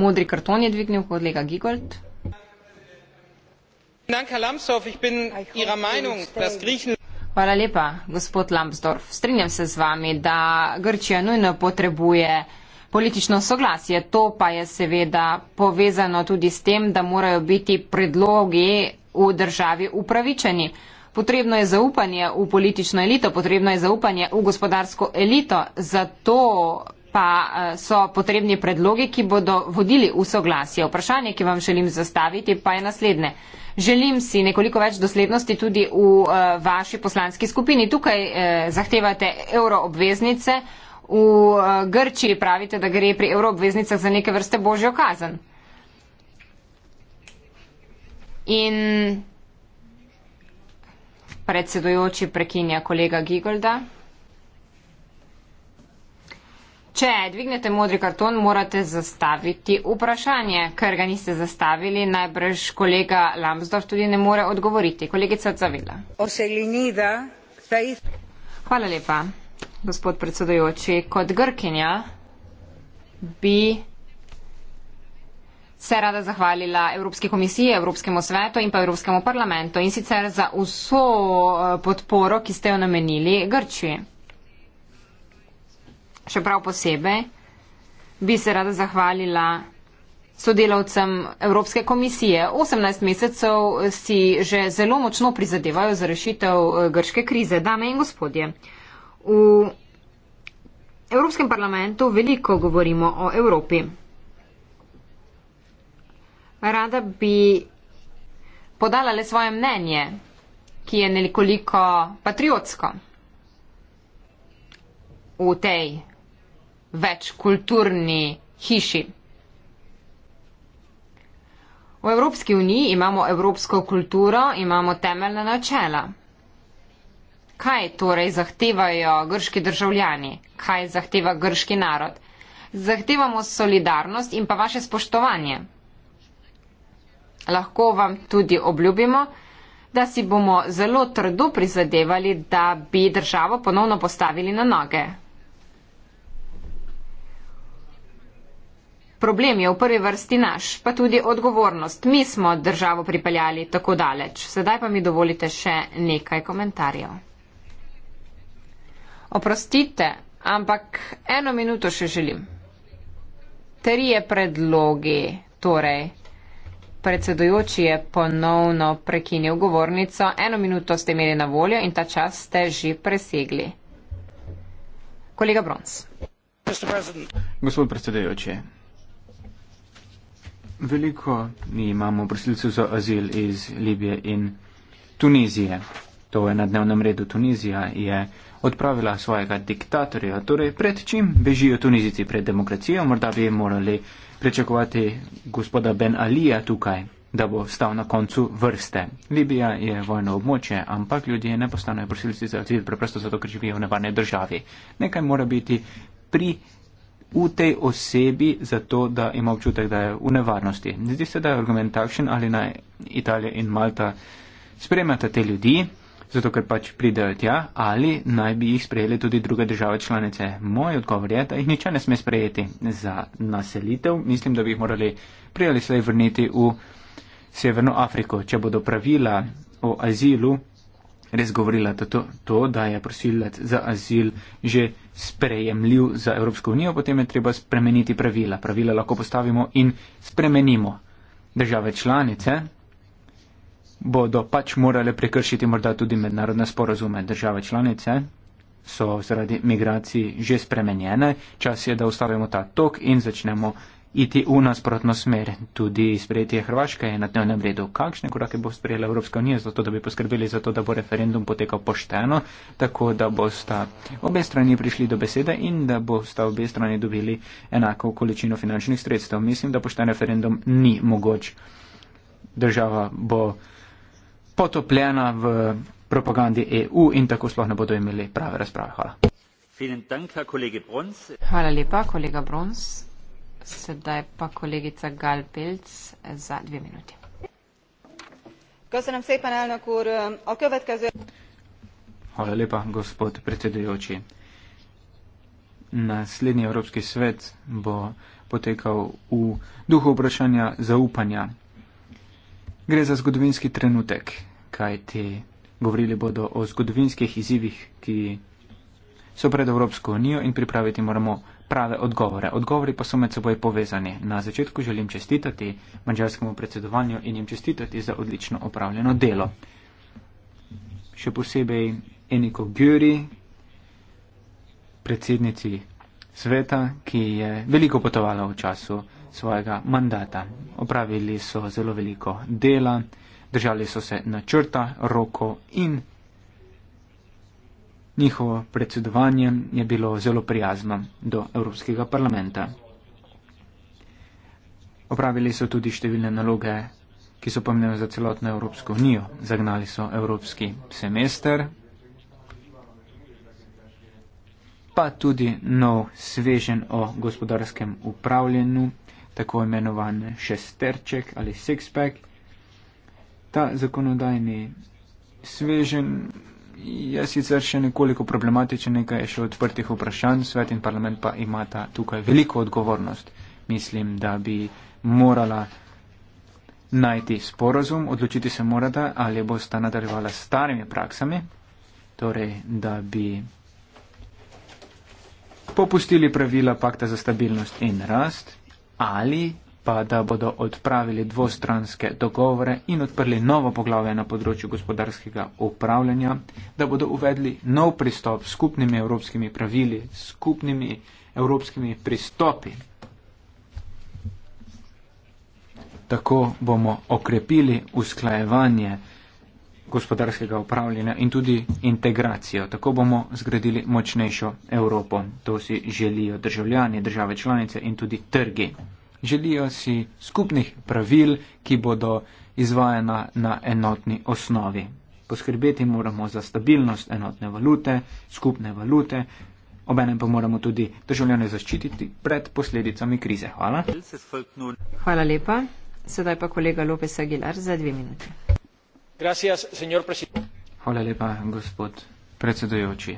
Speaker 2: modri karton je dvignil kolega Giegold. Hvala lepa, gospod Lambsdorff. Strinjam se z vami, da Grčija nujno potrebuje politično soglasje. To pa je seveda povezano tudi s tem, da morajo biti predlogi v državi upravičeni. Potrebno je zaupanje v politično elito, potrebno je zaupanje v gospodarsko elito, zato pa eh, so potrebni predlogi, ki bodo vodili v soglasje. Vprašanje, ki vam želim zastaviti, pa je naslednje. Želim si nekoliko več doslednosti tudi v eh, vaši poslanski skupini. Tukaj eh, zahtevate euroobveznice, v Grčiji pravite, da gre pri euroobveznicah za neke vrste božjo kazen. In predsedujoči prekinja kolega Gigolda. Če dvignete modri karton, morate zastaviti vprašanje, ker ga niste zastavili. Najbrž kolega Lambsdorf tudi ne more odgovoriti. Kolegica Zavila. Hvala lepa, gospod predsedujoči. Kot Grkinja bi se rada zahvalila Evropski komisiji, Evropskemu svetu in pa Evropskemu parlamentu in sicer za vso eh, podporo, ki ste jo namenili Grčiji. Še prav posebej bi se rada zahvalila sodelavcem Evropske komisije. 18 mesecev si že zelo močno prizadevajo za rešitev eh, grške krize. Dame in gospodje, v Evropskem parlamentu veliko govorimo o Evropi rada bi podala le svoje mnenje, ki je nekoliko patriotsko v tej večkulturni hiši. V Evropski uniji imamo evropsko kulturo, imamo temeljna načela. Kaj torej zahtevajo grški državljani? Kaj zahteva grški narod? Zahtevamo solidarnost in pa vaše spoštovanje. Lahko vam tudi obljubimo, da si bomo zelo trdo prizadevali, da bi državo ponovno postavili na noge. Problem je v prvi vrsti naš, pa tudi odgovornost. Mi smo državo pripeljali tako daleč. Sedaj pa mi dovolite še nekaj komentarjev. Oprostite, ampak eno minuto še želim. Trije predlogi, torej. Predsedujoči je ponovno prekinil govornico. Eno minuto ste imeli na voljo in ta čas ste že presegli. Kolega Brons.
Speaker 4: Gospod predsedujoči. Veliko mi imamo prosilcev za azil iz Libije in Tunizije. To je na dnevnem redu. Tunizija je odpravila svojega diktatorja. Torej, pred čim bežijo Tunizici? Pred demokracijo? Morda bi morali pričakovati gospoda Ben Alija tukaj, da bo stal na koncu vrste. Libija je vojno območje, ampak ljudje ne postanejo prosilci za azil preprosto zato, ker živijo v nevarni državi. Nekaj mora biti pri v tej osebi zato, da ima občutek, da je v nevarnosti. Zdi se, da je argument takšen, ali naj Italija in Malta spremljata te ljudi zato ker pač pridejo tja, ali naj bi jih sprejeli tudi druge države članice. Moj odgovor je, da jih niče ne sme sprejeti za naselitev. Mislim, da bi jih morali prej ali slej vrniti v Severno Afriko, če bodo pravila o azilu res govorila to, to, da je prosilec za azil že sprejemljiv za Evropsko unijo, potem je treba spremeniti pravila. Pravila lahko postavimo in spremenimo. Države članice bodo pač morale prekršiti morda tudi mednarodne sporozume. Države članice so zaradi migracij že spremenjene. Čas je, da ustavimo ta tok in začnemo iti v nasprotno smer. Tudi sprejetje Hrvaške je na dnevnem redu. Kakšne korake bo sprejela Evropska unija za to, da bi poskrbeli za to, da bo referendum potekal pošteno, tako da bosta obe strani prišli do besede in da bosta obe strani dobili enako količino finančnih sredstev. Mislim, da pošten referendum ni mogoč. Država bo potopljena v propagandi EU in tako sploh ne bodo imeli prave razprave. Hvala.
Speaker 2: Hvala lepa, kolega Brons. Sedaj pa kolegica Gal Pelc za dve minuti. Köszönöm szépen, elnök úr!
Speaker 3: A következő...
Speaker 4: Hvala lepa, gospod predsedujoči. Naslednji Evropski svet bo potekal v duhu vprašanja zaupanja. Gre za zgodovinski trenutek kajti govorili bodo o zgodovinskih izzivih, ki so pred Evropsko unijo in pripraviti moramo prave odgovore. Odgovori pa so med seboj povezani. Na začetku želim čestitati mađarskemu predsedovanju in jim čestitati za odlično opravljeno delo. Še posebej Eniko Gjuri, predsednici sveta, ki je veliko potovala v času svojega mandata. Opravili so zelo veliko dela držali so se načrta, roko in njihovo predsedovanje je bilo zelo prijazno do Evropskega parlamenta. Opravili so tudi številne naloge, ki so pomembne za celotno Evropsko unijo. Zagnali so Evropski semester, pa tudi nov svežen o gospodarskem upravljenju, tako imenovan šesterček ali sixpack, ta zakonodajni svežen je sicer še nekoliko problematičen, nekaj je še odprtih vprašanj, svet in parlament pa imata tukaj veliko odgovornost. Mislim, da bi morala najti sporozum, odločiti se morata, ali bosta nadaljevala s starimi praksami, torej, da bi popustili pravila pakta za stabilnost in rast, ali pa, da bodo odpravili dvostranske dogovore in odprli novo poglavje na področju gospodarskega upravljanja, da bodo uvedli nov pristop s skupnimi evropskimi pravili, s skupnimi evropskimi pristopi. Tako bomo okrepili usklajevanje gospodarskega upravljanja in tudi integracijo. Tako bomo zgradili močnejšo Evropo. To si želijo državljani, države članice in tudi trgi. Želijo si skupnih pravil, ki bodo izvajena na enotni osnovi. Poskrbeti moramo za stabilnost enotne valute, skupne valute, obenem pa moramo tudi državljane zaščititi pred posledicami krize. Hvala.
Speaker 2: Hvala lepa. Sedaj pa kolega Lopes Aguilar za dve minute.
Speaker 4: Hvala lepa, gospod predsedujoči.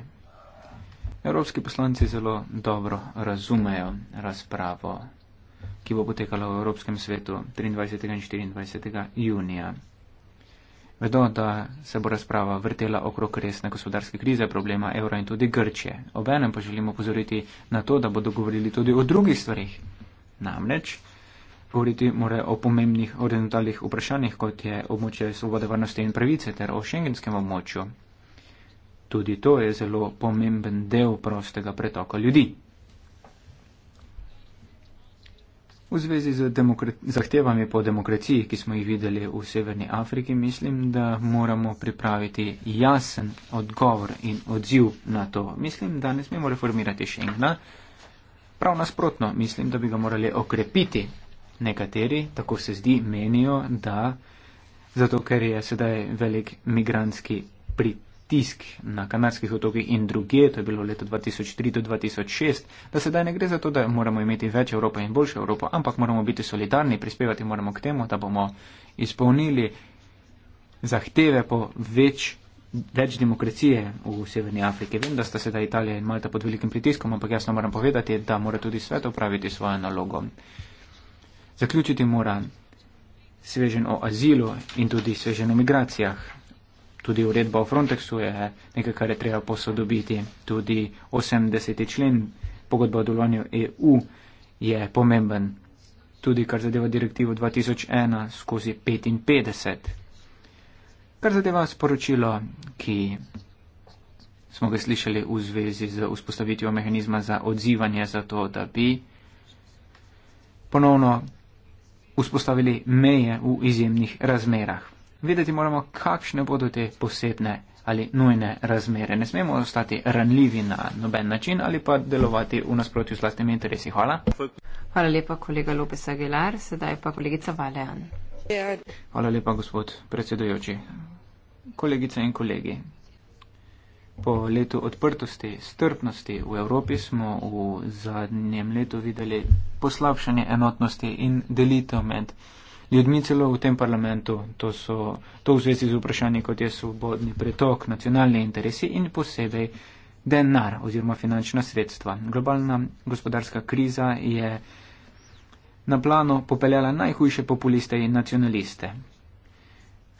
Speaker 4: Evropski poslanci zelo dobro razumejo razpravo ki bo potekala v Evropskem svetu 23. in 24. junija. Vedo, da se bo razprava vrtela okrog resne gospodarske krize, problema evra in tudi Grčije. Obenem pa želimo pozoriti na to, da bodo govorili tudi o drugih stvarih. Namreč, govoriti more o pomembnih orientalnih vprašanjih, kot je območje svobode varnosti in pravice ter o šengenskem območju. Tudi to je zelo pomemben del prostega pretoka ljudi. V zvezi z zahtevami po demokraciji, ki smo jih videli v Severni Afriki, mislim, da moramo pripraviti jasen odgovor in odziv na to. Mislim, da ne smemo reformirati Schengna. Prav nasprotno, mislim, da bi ga morali okrepiti. Nekateri, tako se zdi, menijo, da zato, ker je sedaj velik migranski pritisk stisk na kanarskih otokih in druge, to je bilo leto 2003 do 2006, da sedaj ne gre za to, da moramo imeti več Evrope in boljšo Evropo, ampak moramo biti solidarni, prispevati moramo k temu, da bomo izpolnili zahteve po več. Več demokracije v Severni Afriki. Vem, da sta sedaj Italija in Malta pod velikim pritiskom, ampak jasno moram povedati, da mora tudi svet opraviti svojo nalogo. Zaključiti mora svežen o azilu in tudi svežen o migracijah tudi uredba o Frontexu je nekaj, kar je treba posodobiti. Tudi 80. člen pogodba o delovanju EU je pomemben. Tudi kar zadeva direktivo 2001 skozi 55. Kar zadeva sporočilo, ki smo ga slišali v zvezi z vzpostavitvijo mehanizma za odzivanje, zato da bi ponovno vzpostavili meje v izjemnih razmerah vedeti moramo, kakšne bodo te posebne ali nujne razmere. Ne smemo ostati ranljivi na noben način ali pa delovati v nasprotju s vlastnimi interesi. Hvala.
Speaker 2: Hvala lepa, kolega Lopes Aguilar. Sedaj pa kolegica Valean.
Speaker 4: Hvala lepa, gospod predsedujoči. Kolegice in kolegi. Po letu odprtosti, strpnosti v Evropi smo v zadnjem letu videli poslabšanje enotnosti in delitev med ljudmi celo v tem parlamentu. To so to v zvezi z vprašanji, kot je svobodni pretok, nacionalni interesi in posebej denar oziroma finančna sredstva. Globalna gospodarska kriza je na plano popeljala najhujše populiste in nacionaliste.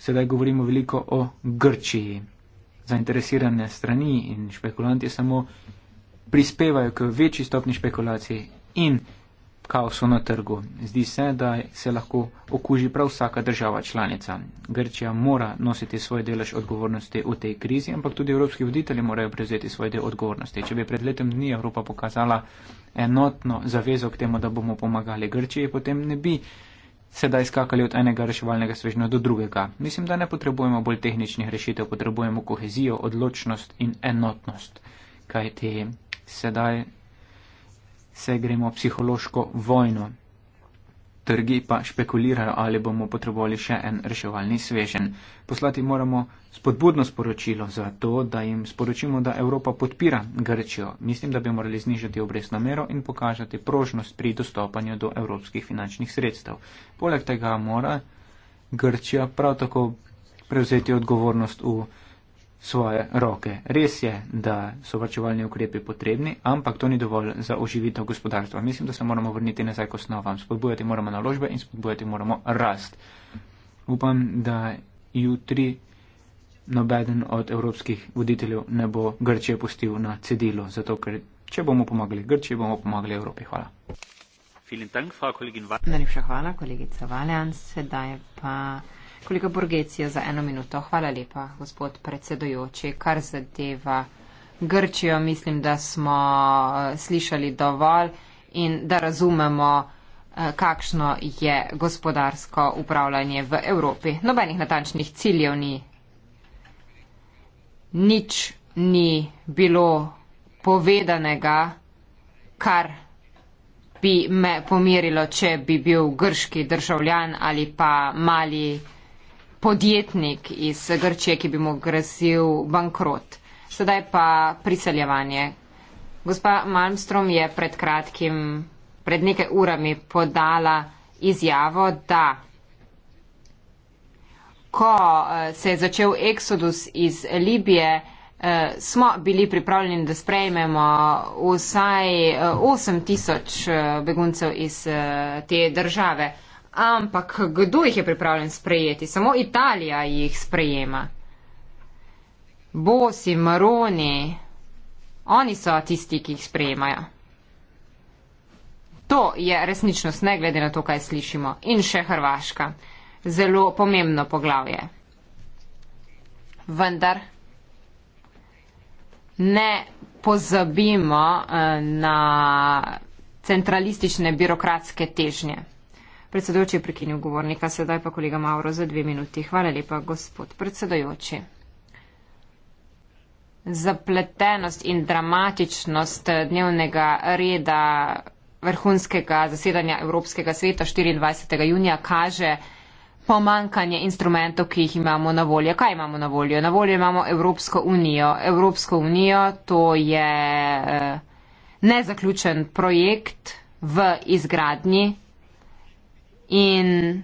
Speaker 4: Sedaj govorimo veliko o Grčiji. Zainteresirane strani in špekulanti samo prispevajo k večji stopni špekulacij in kaosu na trgu. Zdi se, da se lahko okuži prav vsaka država članica. Grčija mora nositi svoj delež odgovornosti v tej krizi, ampak tudi evropski voditelji morajo prevzeti svoj del odgovornosti. Če bi pred letem dni Evropa pokazala enotno zavezo k temu, da bomo pomagali Grčiji, potem ne bi sedaj skakali od enega reševalnega svežnja do drugega. Mislim, da ne potrebujemo bolj tehničnih rešitev, potrebujemo kohezijo, odločnost in enotnost. Kaj ti sedaj se gremo psihološko vojno. Trgi pa špekulirajo, ali bomo potrebovali še en reševalni svežen. Poslati moramo spodbudno sporočilo za to, da jim sporočimo, da Evropa podpira Grčijo. Mislim, da bi morali znižati obrestno mero in pokažati prožnost pri dostopanju do evropskih finančnih sredstev. Poleg tega mora Grčija prav tako prevzeti odgovornost v Evropi svoje roke. Res je, da so vrčevalni ukrepi potrebni, ampak to ni dovolj za oživitev gospodarstva. Mislim, da se moramo vrniti nazaj k osnovam. Spodbujati moramo naložbe in spodbujati moramo rast. Upam, da jutri nobeden od evropskih voditeljev ne bo Grčije pustil na cedilu, zato ker če bomo pomagali Grčiji, bomo pomagali Evropi. Hvala.
Speaker 2: Najlepša hvala, kolegica Valjan. Sedaj pa. Kolega Borgecija, za eno minuto. Hvala lepa, gospod predsedojoči. Kar zadeva Grčijo, mislim, da smo eh, slišali dovolj in da razumemo, eh, kakšno je gospodarsko upravljanje v Evropi. Nobenih natančnih ciljev ni. Nič ni bilo povedanega, kar bi me pomirilo, če bi bil grški državljan ali pa mali podjetnik iz Grčije, ki bi mu grozil bankrot. Sedaj pa priseljevanje. Gospa Malmstrom je pred kratkim, pred nekaj urami podala izjavo, da ko eh, se je začel eksodus iz Libije, eh, smo bili pripravljeni, da sprejmemo vsaj 8 eh, tisoč beguncev iz te države ampak kdo jih je pripravljen sprejeti? Samo Italija jih sprejema. Bosi, Maroni, oni so tisti, ki jih sprejemajo. To je resničnost, ne glede na to, kaj slišimo. In še Hrvaška. Zelo pomembno poglavje. Vendar ne pozabimo eh, na centralistične birokratske težnje. Predsedujoči je prekinil govornika, sedaj pa kolega Mauro za dve minuti. Hvala lepa, gospod predsedujoči. Zapletenost in dramatičnost dnevnega reda vrhunskega zasedanja Evropskega sveta 24. junija kaže pomankanje instrumentov, ki jih imamo na voljo. Kaj imamo na voljo? Na voljo imamo Evropsko unijo. Evropsko unijo to je eh, nezaključen projekt v izgradnji in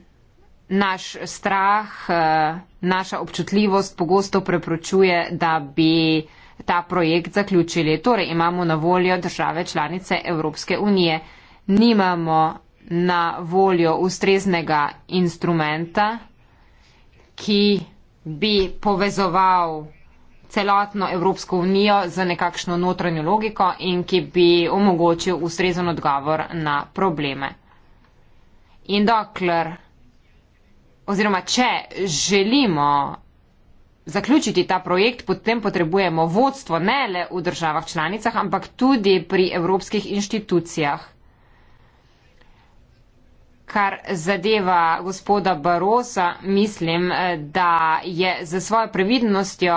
Speaker 2: naš strah, eh, naša občutljivost pogosto preprečuje, da bi ta projekt zaključili. Torej imamo na voljo države članice Evropske unije. Nimamo na voljo ustreznega instrumenta, ki bi povezoval celotno Evropsko unijo z nekakšno notranjo logiko in ki bi omogočil ustrezen odgovor na probleme. In dokler, oziroma če želimo zaključiti ta projekt, potem potrebujemo vodstvo ne le v državah članicah, ampak tudi pri evropskih inštitucijah. Kar zadeva gospoda Barosa, mislim, da je za svojo previdnostjo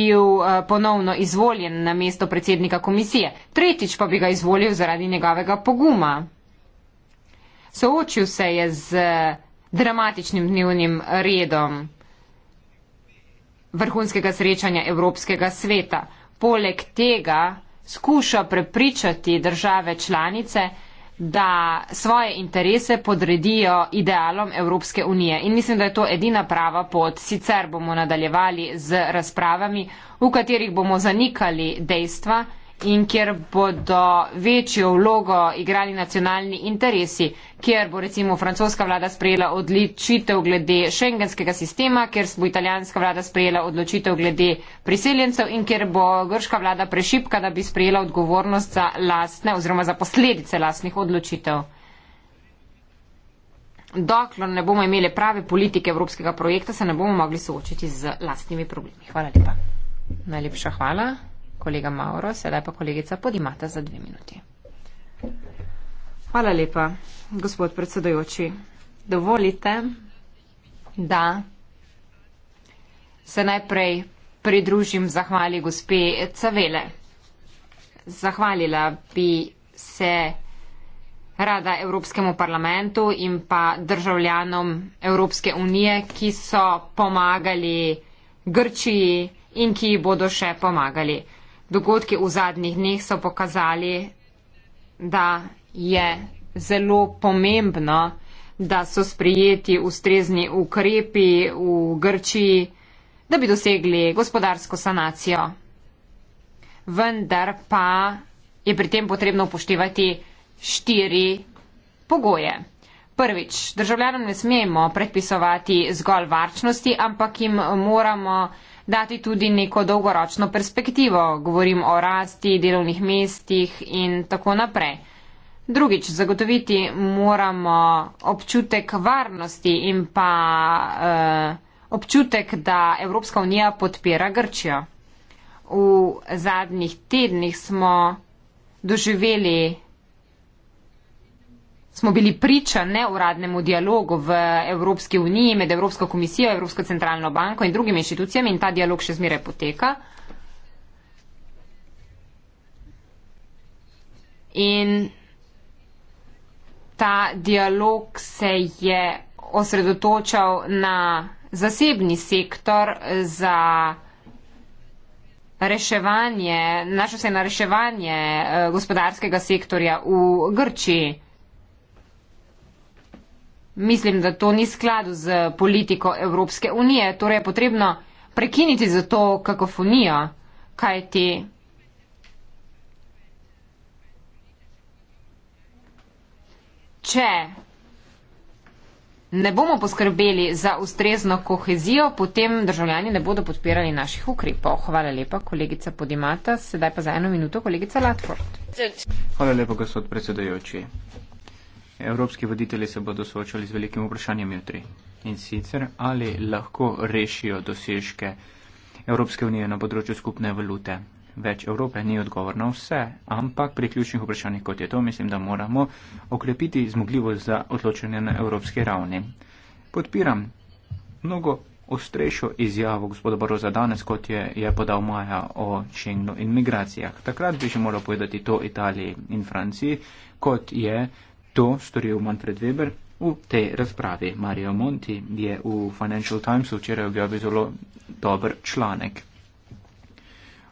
Speaker 2: bil eh, ponovno izvoljen na mesto predsednika komisije. Tretjič pa bi ga izvolil zaradi njegovega poguma. Soočil se je z dramatičnim dnevnim redom vrhunskega srečanja Evropskega sveta. Poleg tega skuša prepričati države članice, da svoje interese podredijo idealom Evropske unije. In mislim, da je to edina prava pot. Sicer bomo nadaljevali z razpravami, v katerih bomo zanikali dejstva, in kjer bodo večjo vlogo igrali nacionalni interesi, kjer bo recimo francoska vlada sprejela odločitev glede šengenskega sistema, kjer bo italijanska vlada sprejela odločitev glede priseljencev in kjer bo grška vlada prešipka, da bi sprejela odgovornost za lastne oziroma za posledice lastnih odločitev. Dokler ne bomo imeli prave politike evropskega projekta, se ne bomo mogli soočiti z lastnimi problemi. Hvala lepa. Najlepša hvala kolega Mauro, sedaj pa kolegica Podimata za dve minuti. Hvala lepa, gospod predsedojoči. Dovolite, da se najprej pridružim zahvali gospe Cavele. Zahvalila bi se rada Evropskemu parlamentu in pa državljanom Evropske unije, ki so pomagali Grčiji in ki bodo še pomagali dogodki v zadnjih dneh so pokazali, da je zelo pomembno, da so sprijeti ustrezni ukrepi v Grčiji, da bi dosegli gospodarsko sanacijo. Vendar pa je pri tem potrebno upoštevati štiri pogoje. Prvič, državljanom ne smemo predpisovati zgolj varčnosti, ampak jim moramo dati tudi neko dolgoročno perspektivo, govorim o rasti, delovnih mestih in tako naprej. Drugič, zagotoviti moramo občutek varnosti in pa eh, občutek, da Evropska unija podpira Grčijo. V zadnjih tednih smo doživeli smo bili priča neuradnemu dialogu v Evropski uniji med Evropsko komisijo, Evropsko centralno banko in drugimi inštitucijami in ta dialog še zmeraj poteka. In ta dialog se je osredotočal na zasebni sektor za reševanje, našel se je na reševanje eh, gospodarskega sektorja v Grčiji. Mislim, da to ni skladu z politiko Evropske unije, torej je potrebno prekiniti za to kakofonijo, kaj ti. Če ne bomo poskrbeli za ustrezno kohezijo, potem državljani ne bodo podpirali naših ukrepov. Hvala lepa, kolegica Podimata. Sedaj pa za eno minuto, kolegica Latford.
Speaker 4: Hvala lepa, gospod predsedajoči. Evropski voditelji se bodo soočali z velikim vprašanjem jutri. In sicer, ali lahko rešijo dosežke Evropske unije na področju skupne valute. Več Evrope ni odgovor na vse, ampak pri ključnih vprašanjih, kot je to, mislim, da moramo okrepiti zmogljivost za odločanje na evropski ravni. Podpiram mnogo ostrejšo izjavo gospoda Baroza danes, kot je, je podal Maja o Schengenu in migracijah. Takrat bi že moral povedati to Italiji in Franciji, kot je To storil Manfred Weber v tej razpravi. Mario Monti je v Financial Timesu včeraj objavil zelo dober članek.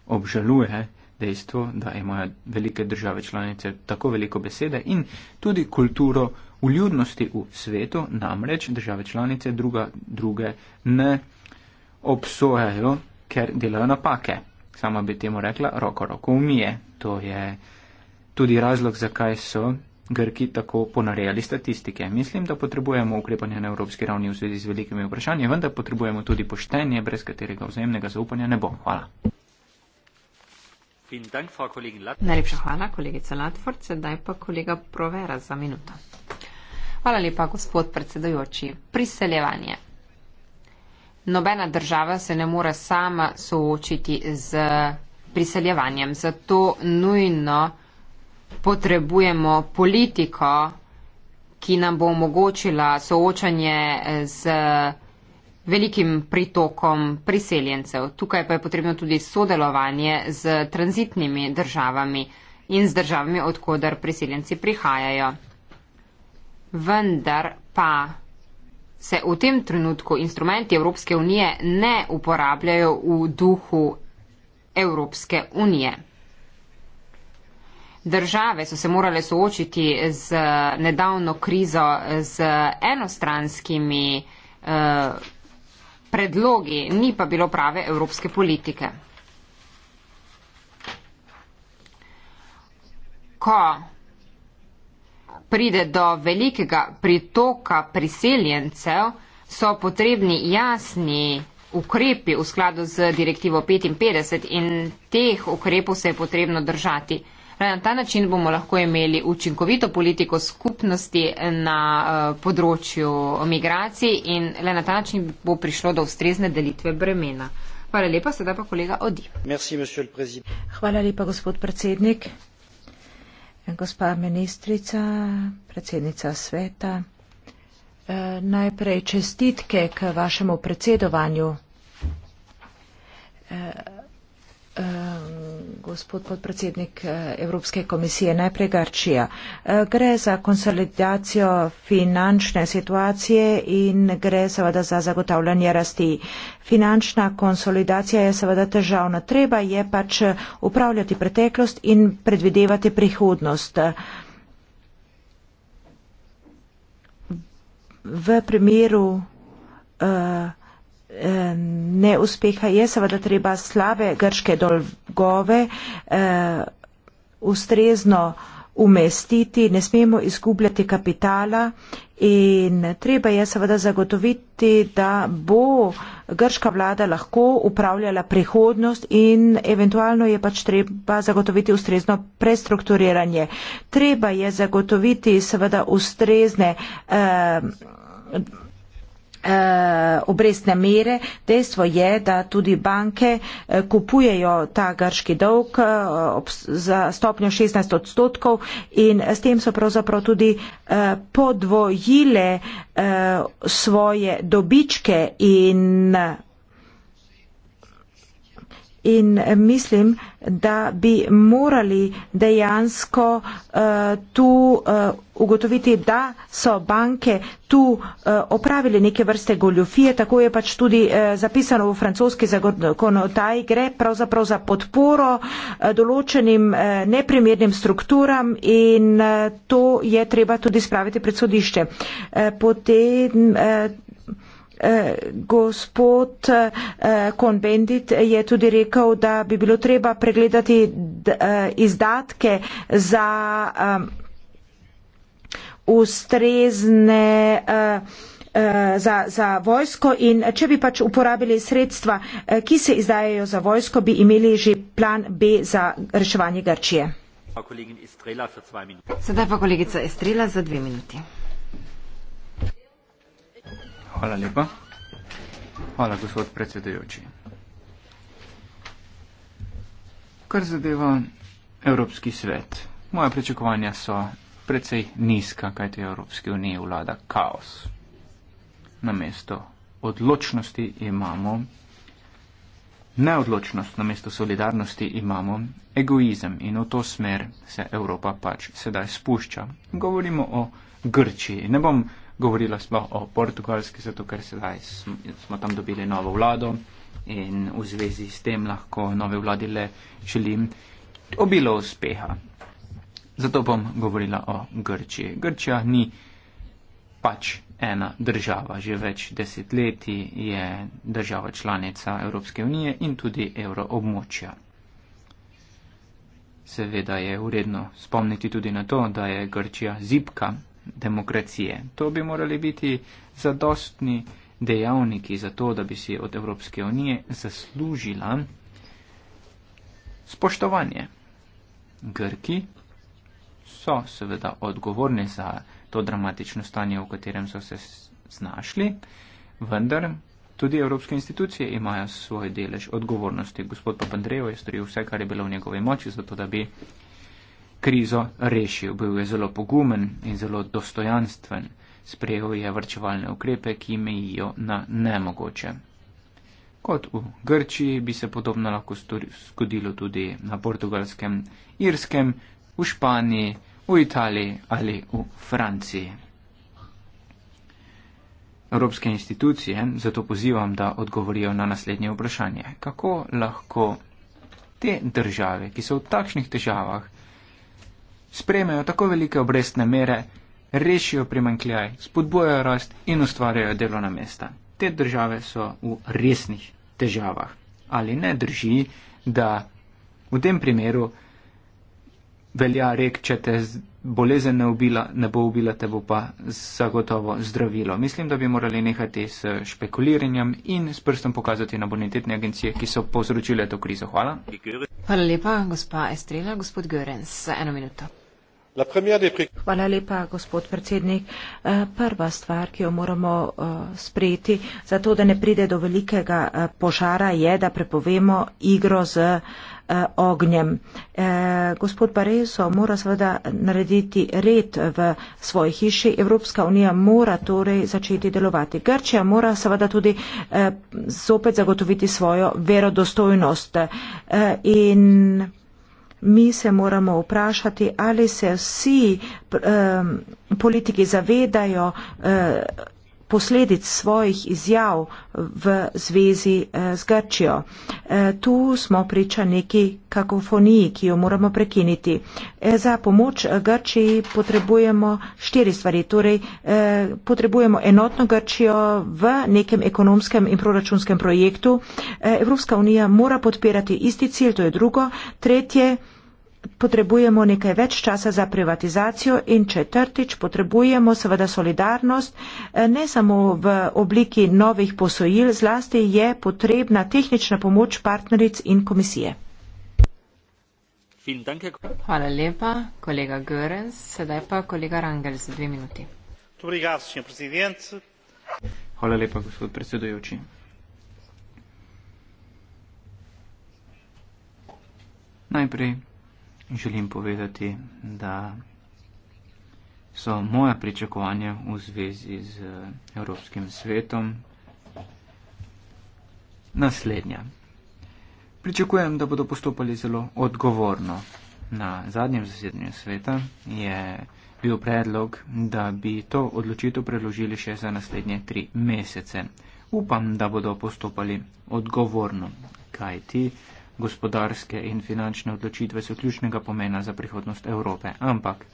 Speaker 4: Obžaluje dejstvo, da imajo velike države članice tako veliko besede in tudi kulturo uljudnosti v svetu, namreč države članice druga druge ne obsojajo, ker delajo napake. Sama bi temu rekla, roko roko umije. To je tudi razlog, zakaj so Grki tako ponarejali statistike. Mislim, da potrebujemo ukrepanje na evropski ravni v zvezi z velikimi vprašanji, vendar potrebujemo tudi poštenje, brez katerega vzajemnega zaupanja ne bo. Hvala.
Speaker 1: Najlepša
Speaker 2: hvala, kolegica Latford. Sedaj pa kolega Provera za minuto. Hvala lepa, gospod predsedujoči. Priseljevanje. Nobena država se ne more sama soočiti z priseljevanjem, zato nujno potrebujemo politiko, ki nam bo omogočila soočanje z velikim pritokom priseljencev. Tukaj pa je potrebno tudi sodelovanje z tranzitnimi državami in z državami, odkudar priseljenci prihajajo. Vendar pa se v tem trenutku instrumenti Evropske unije ne uporabljajo v duhu Evropske unije. Države so se morale soočiti z nedavno krizo z enostranskimi eh, predlogi, ni pa bilo prave evropske politike. Ko pride do velikega pritoka priseljencev, so potrebni jasni ukrepi v skladu z direktivo 55 in teh ukrepov se je potrebno držati. Ravno torej, na ta način bomo lahko imeli učinkovito politiko skupnosti na eh, področju migracij in le na ta način bo prišlo do ustrezne delitve bremena. Hvala lepa,
Speaker 3: sedaj pa kolega Odi. Merci, Hvala lepa, gospod predsednik. Gospa ministrica, predsednica sveta, eh, najprej čestitke k vašemu predsedovanju. Eh, gospod podpredsednik eh, Evropske komisije, najprej Garčija. Eh, gre za konsolidacijo finančne situacije in gre seveda za zagotavljanje rasti. Finančna konsolidacija je seveda težavna. Treba je pač upravljati preteklost in predvidevati prihodnost. V primeru uh, Eh, neuspeha je seveda treba slabe grške dolgove eh, ustrezno umestiti, ne smemo izgubljati kapitala in treba je seveda zagotoviti, da bo grška vlada lahko upravljala prihodnost in eventualno je pač treba zagotoviti ustrezno prestrukturiranje. Treba je zagotoviti seveda ustrezne eh, Eh, obrestne mere. Dejstvo je, da tudi banke eh, kupujejo ta grški dolg eh, za stopnjo 16 odstotkov in s tem so pravzaprav tudi podvojile svoje dobičke in in mislim, da bi morali dejansko uh, tu uh, ugotoviti, da so banke tu uh, eh, opravili neke vrste goljofije, tako je pač tudi uh, zapisano v francoski zakonodaji, gre pravzaprav za podporo uh, določenim uh, neprimernim strukturam in uh, to je treba tudi spraviti pred sodišče. Uh, potem, uh, Eh, gospod Konbendit eh, je tudi rekel, da bi bilo treba pregledati eh, izdatke za ustrezne za, za vojsko in če bi pač uporabili sredstva, ki se izdajajo za vojsko, bi imeli že plan B za reševanje Grčije. Sedaj pa kolegica Estrela za dve minuti.
Speaker 4: Hvala lepa. Hvala, gospod predsedujoči. Kar zadeva Evropski svet, moja prečakovanja so precej nizka, kajte Evropski uniji vlada kaos. Namesto odločnosti imamo neodločnost, namesto solidarnosti imamo egoizem in v to smer se Evropa pač sedaj spušča. Govorimo o Grčiji. Ne bom govorila smo o portugalski, zato ker sedaj smo tam dobili novo vlado in v zvezi s tem lahko nove vladi le želim obilo uspeha. Zato bom govorila o Grčiji. Grčija ni pač ena država. Že več desetletij je država članica Evropske unije in tudi evroobmočja. Seveda je uredno spomniti tudi na to, da je Grčija zipka, demokracije. To bi morali biti zadostni dejavniki za to, da bi si od Evropske unije zaslužila spoštovanje. Grki so seveda odgovorni za to dramatično stanje, v katerem so se znašli, vendar tudi evropske institucije imajo svoj delež odgovornosti. Gospod Papandrejev je storil vse, kar je bilo v njegovi moči, zato da bi krizo rešil. Bil je zelo pogumen in zelo dostojanstven. Sprejel je vrčevalne ukrepe, ki mejijo na nemogoče. Kot v Grčiji bi se podobno lahko zgodilo tudi na portugalskem, irskem, v Španiji, v Italiji ali v Franciji. Evropske institucije zato pozivam, da odgovorijo na naslednje vprašanje. Kako lahko te države, ki so v takšnih težavah, sprejmejo tako velike obrestne mere, rešijo primankljaj, spodbojajo rast in ustvarjajo delovna mesta. Te države so v resnih težavah. Ali ne drži, da v tem primeru velja rek, če te bolezen ne, ubila, ne bo ubila, te bo pa zagotovo zdravilo. Mislim, da bi morali nehati s špekuliranjem in s prstom pokazati na bonitetne agencije, ki so povzročile to krizo. Hvala.
Speaker 3: Hvala lepa, gospa Estrela, gospod Görens. Eno minuto. Hvala lepa, gospod predsednik. Eh, prva stvar, ki jo moramo eh, sprejeti, zato da ne pride do velikega eh, požara, je, da prepovemo igro z ognjem. Gospod Bareso mora seveda narediti red v svoji hiši. Evropska unija mora torej začeti delovati. Grčija mora seveda tudi zopet zagotoviti svojo verodostojnost. In mi se moramo vprašati, ali se vsi um, politiki zavedajo um, posledic svojih izjav v zvezi um, z Grčijo. Um, tu smo priča neki kakofoniji, ki jo moramo prekiniti. E, za pomoč Grčiji potrebujemo štiri stvari. Torej, e, potrebujemo enotno Grčijo v nekem ekonomskem in proračunskem projektu. E, Evropska unija mora podpirati isti cilj, to je drugo. Tretje, potrebujemo nekaj več časa za privatizacijo in četrtič potrebujemo seveda solidarnost, eh, ne samo v obliki novih posojil, zlasti je potrebna tehnična pomoč partneric in komisije.
Speaker 2: Hvala lepa, kolega Görens, sedaj pa kolega Rangel za dve minuti.
Speaker 4: Hvala lepa, gospod predsedujoči. Najprej želim povedati, da so moja pričakovanja v zvezi z eh, Evropskim svetom naslednja. Pričakujem, da bodo postopali zelo odgovorno. Na zadnjem zasedanju sveta je bil predlog, da bi to odločitev preložili še za naslednje tri mesece. Upam, da bodo postopali odgovorno, kajti gospodarske in finančne odločitve so ključnega pomena za prihodnost Evrope, ampak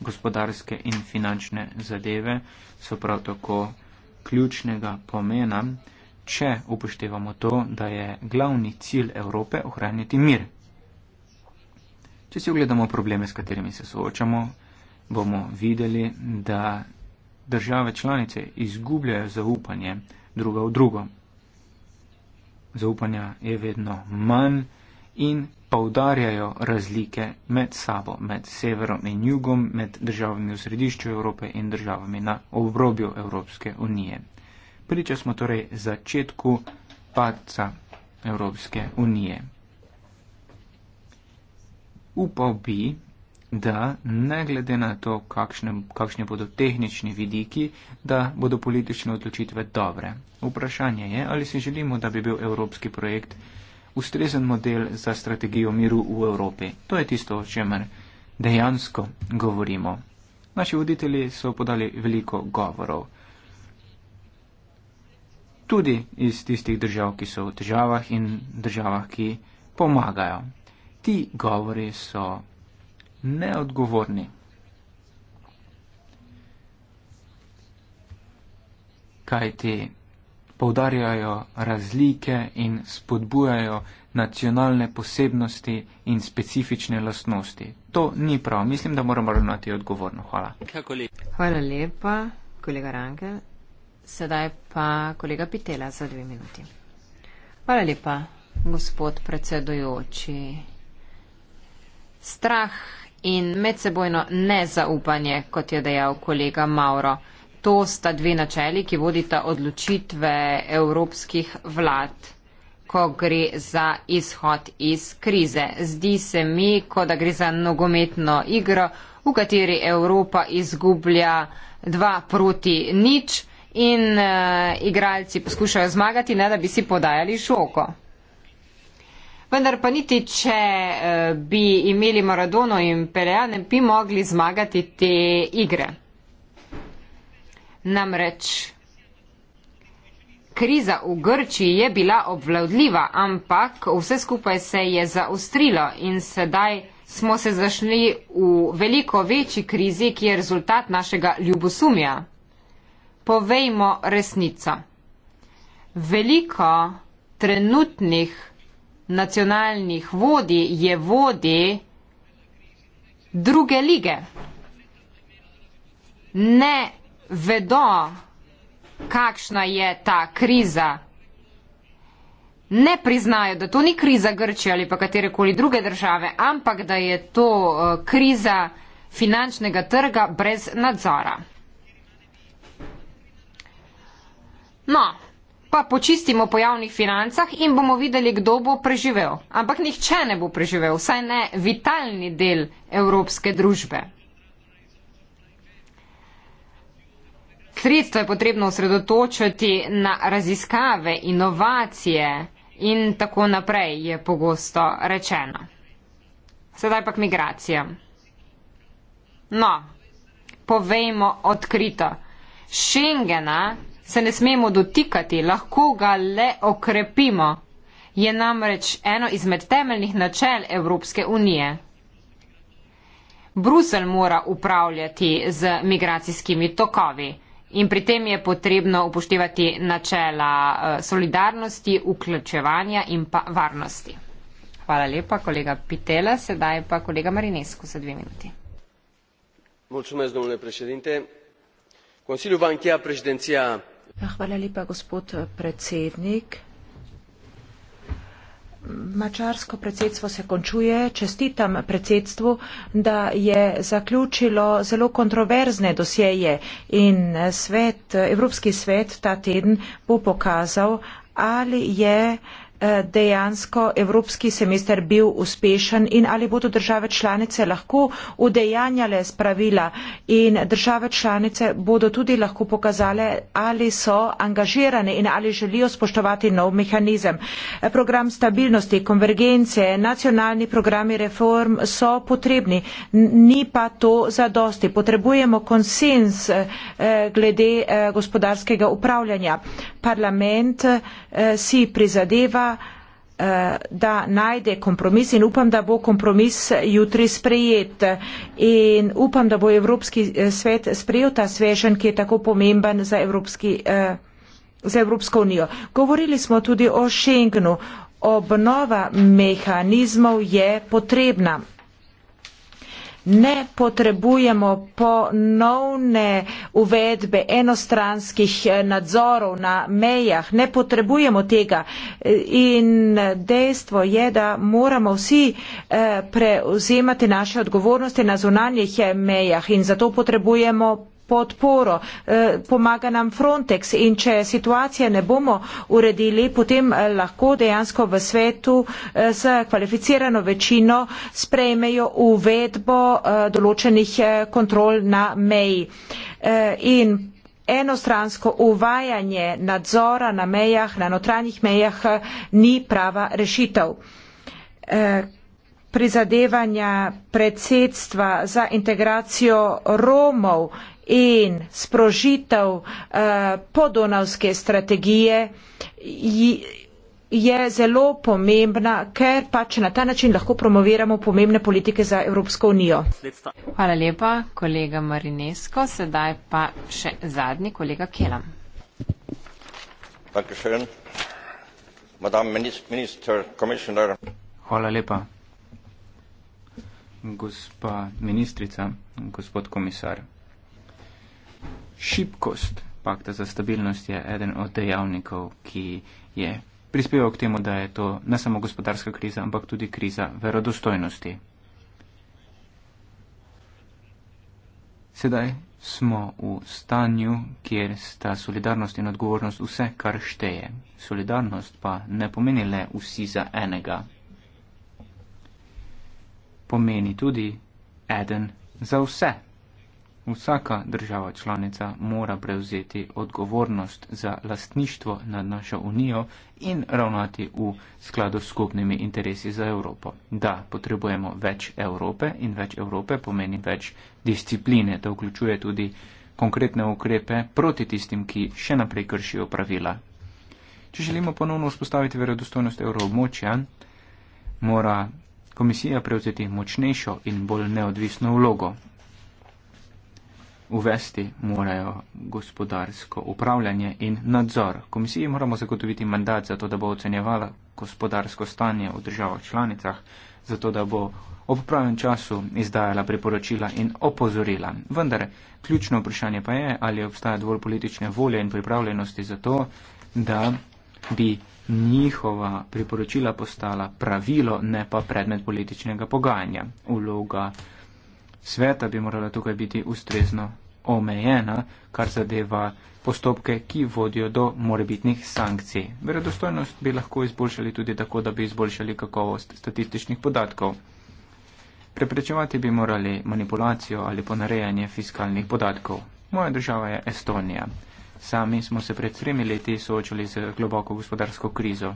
Speaker 4: gospodarske in finančne zadeve so prav tako ključnega pomena, če upoštevamo to, da je glavni cilj Evrope ohraniti mir. Če si ogledamo probleme, s katerimi se soočamo, bomo videli, da države članice izgubljajo zaupanje druga v drugo zaupanja je vedno manj in povdarjajo razlike med sabo, med severom in jugom, med državami v središču Evrope in državami na obrobju Evropske unije. Priča smo torej začetku padca Evropske unije. Upal bi, da ne glede na to, kakšne, kakšne bodo tehnični vidiki, da bodo politične odločitve dobre. Vprašanje je, ali si želimo, da bi bil evropski projekt ustrezen model za strategijo miru v Evropi. To je tisto, o čemer dejansko govorimo. Naši voditelji so podali veliko govorov. Tudi iz tistih držav, ki so v težavah in državah, ki pomagajo. Ti govori so neodgovorni. Kaj ti poudarjajo razlike in spodbujajo nacionalne posebnosti in specifične lastnosti. To ni prav. Mislim, da moramo ravnati odgovorno. Hvala.
Speaker 2: Hvala lepa, kolega Ranke. Sedaj pa kolega Pitela za dve minuti. Hvala lepa, gospod predsedujoči. Strah in medsebojno nezaupanje, kot je dejal kolega Mauro. To sta dve načeli, ki vodita odločitve evropskih vlad, ko gre za izhod iz krize. Zdi se mi, kot da gre za nogometno igro, v kateri Evropa izgublja dva proti nič in uh, igralci poskušajo zmagati, ne da bi si podajali šoko. Vendar pa niti, če eh, bi imeli Maradono in Pelea, ne bi mogli zmagati te igre. Namreč, kriza v Grčiji je bila obvladljiva, ampak vse skupaj se je zaostrilo in sedaj smo se zašli v veliko večji krizi, ki je rezultat našega ljubosumja. Povejmo resnico. Veliko trenutnih nacionalnih vodij je vodi druge lige. Ne vedo, kakšna je ta kriza. Ne priznajo, da to ni kriza Grčije ali pa katerekoli druge države, ampak da je to eh, kriza finančnega trga brez nadzora. No, pa počistimo po javnih financah in bomo videli, kdo bo preživel. Ampak nihče ne bo preživel, vsaj ne vitalni del evropske družbe. Sredstva je potrebno osredotočiti na raziskave, inovacije in tako naprej, je pogosto rečeno. Sedaj pa k migracijam. No, povejmo odkrito. Schengena se ne smemo dotikati, lahko ga le okrepimo, je namreč eno izmed temeljnih načel Evropske unije. Brusel mora upravljati z migracijskimi tokovi in pri tem je potrebno upoštevati načela eh, solidarnosti, vključevanja in pa varnosti. Hvala lepa, kolega Pitela, sedaj pa kolega Marinescu za dve minuti.
Speaker 3: Mulțumesc, domnule președinte. Consiliul va încheia președinția Ja, hvala lepa, gospod eh, predsednik. Mačarsko predsedstvo se končuje. Čestitam predsedstvu, da je zaključilo zelo kontroverzne dosjeje in eh, svet, eh, Evropski svet ta teden bo pokazal, ali je Eh, dejansko evropski semester bil uspešen in ali bodo države članice lahko udejanjale spravila in države članice bodo tudi lahko pokazale, ali so angažirane in ali želijo spoštovati nov mehanizem. Eh, program stabilnosti, konvergence, nacionalni programi reform so potrebni, ni pa to zadosti. Potrebujemo konsens eh, glede gospodarskega upravljanja. Parlament si prizadeva Eh, da najde kompromis in upam, da bo kompromis jutri sprejet. In upam, da bo Evropski eh, svet sprejel ta svežen, ki je tako pomemben za, Evropski, eh, za Evropsko unijo. Govorili smo tudi o Schengenu. Obnova mehanizmov je potrebna ne potrebujemo ponovne uvedbe enostranskih eh, nadzorov na mejah, ne potrebujemo tega. In dejstvo je, da moramo vsi eh, prevzemati naše odgovornosti na zunanjih eh, mejah in zato potrebujemo podporo, eh, pomaga nam Frontex in če situacije ne bomo uredili, potem eh, lahko dejansko v svetu eh, s kvalificirano večino sprejmejo uvedbo določenih kontrol na meji. In enostransko uvajanje nadzora na mejah, na notranjih mejah ni prava rešitev prizadevanja predsedstva za integracijo Romov in sprožitev eh, podonavske strategije je zelo pomembna, ker pač na ta način lahko promoviramo pomembne politike za Evropsko unijo. Hvala lepa, kolega Marinesko.
Speaker 2: Sedaj pa še zadnji kolega Kelam.
Speaker 4: Hvala lepa gospa ministrica, gospod komisar. Šibkost pakta za stabilnost je eden od dejavnikov, ki je prispeval k temu, da je to ne samo gospodarska kriza, ampak tudi kriza verodostojnosti. Sedaj smo v stanju, kjer sta solidarnost in odgovornost vse, kar šteje. Solidarnost pa ne pomeni le vsi za enega, pomeni tudi eden za vse. Vsaka država članica mora prevzeti odgovornost za lastništvo nad našo unijo in ravnati v skladu s skupnimi interesi za Evropo. Da, potrebujemo več Evrope in več Evrope pomeni več discipline, da vključuje tudi konkretne ukrepe proti tistim, ki še naprej kršijo pravila. Če želimo ponovno vzpostaviti verodostojnost evroobmočja, mora komisija prevzeti močnejšo in bolj neodvisno vlogo. Uvesti morajo gospodarsko upravljanje in nadzor. Komisiji moramo zagotoviti mandat za to, da bo ocenjevala gospodarsko stanje v državah članicah, zato da bo ob pravem času izdajala priporočila in opozorila. Vendar ključno vprašanje pa je, ali obstaja dovolj politične volje in pripravljenosti za to, da bi njihova priporočila postala pravilo, ne pa predmet političnega pogajanja. Uloga sveta bi morala tukaj biti ustrezno omejena, kar zadeva postopke, ki vodijo do morebitnih sankcij. Verodostojnost bi lahko izboljšali tudi tako, da bi izboljšali kakovost statističnih podatkov. Preprečevati bi morali manipulacijo ali ponarejanje fiskalnih podatkov. Moja država je Estonija. Sami smo se pred tremi leti soočili z globoko gospodarsko krizo.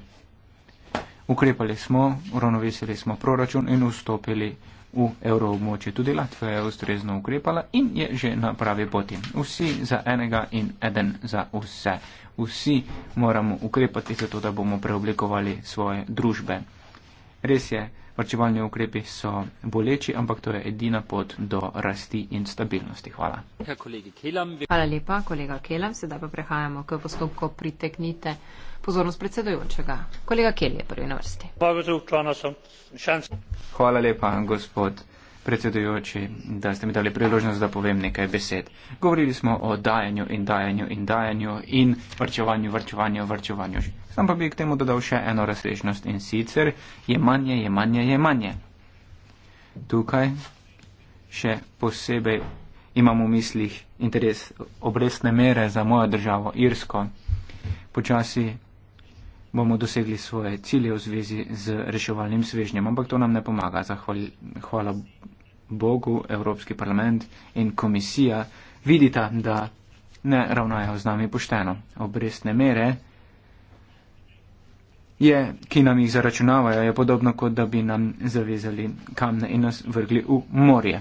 Speaker 4: Ukrepali smo, uravnovesili smo proračun in vstopili v evroobmočje. Tudi Latvija je ustrezno ukrepala in je že na pravi poti. Vsi za enega in eden za vse. Vsi moramo ukrepati, zato da bomo preoblikovali svoje družbe. Res je. Varčevalni ukrepi so boleči, ampak to je edina pot do rasti in stabilnosti. Hvala.
Speaker 2: Hvala lepa, kolega Kelam. Sedaj pa prehajamo k postopku priteknite pozornost predsedojočega. Kolega Kel je prvi na vrsti.
Speaker 4: Hvala lepa, gospod predsedujoči, da ste mi dali priložnost, da povem nekaj besed. Govorili smo o dajanju in dajanju in dajanju in vrčevanju, vrčevanju, vrčevanju sam pa bi k temu dodal še eno razsežnost in sicer jemanje, jemanje, jemanje. Tukaj še posebej imam v mislih interes obrestne mere za mojo državo Irsko. Počasi bomo dosegli svoje cilje v zvezi z reševalnim svežnjem, ampak to nam ne pomaga. Zahvali, hvala Bogu, Evropski parlament in komisija vidita, da ne ravnajo z nami pošteno. Obrestne mere je, ki nam jih zaračunavajo, je podobno, kot da bi nam zavezali kamne in nas vrgli v morje.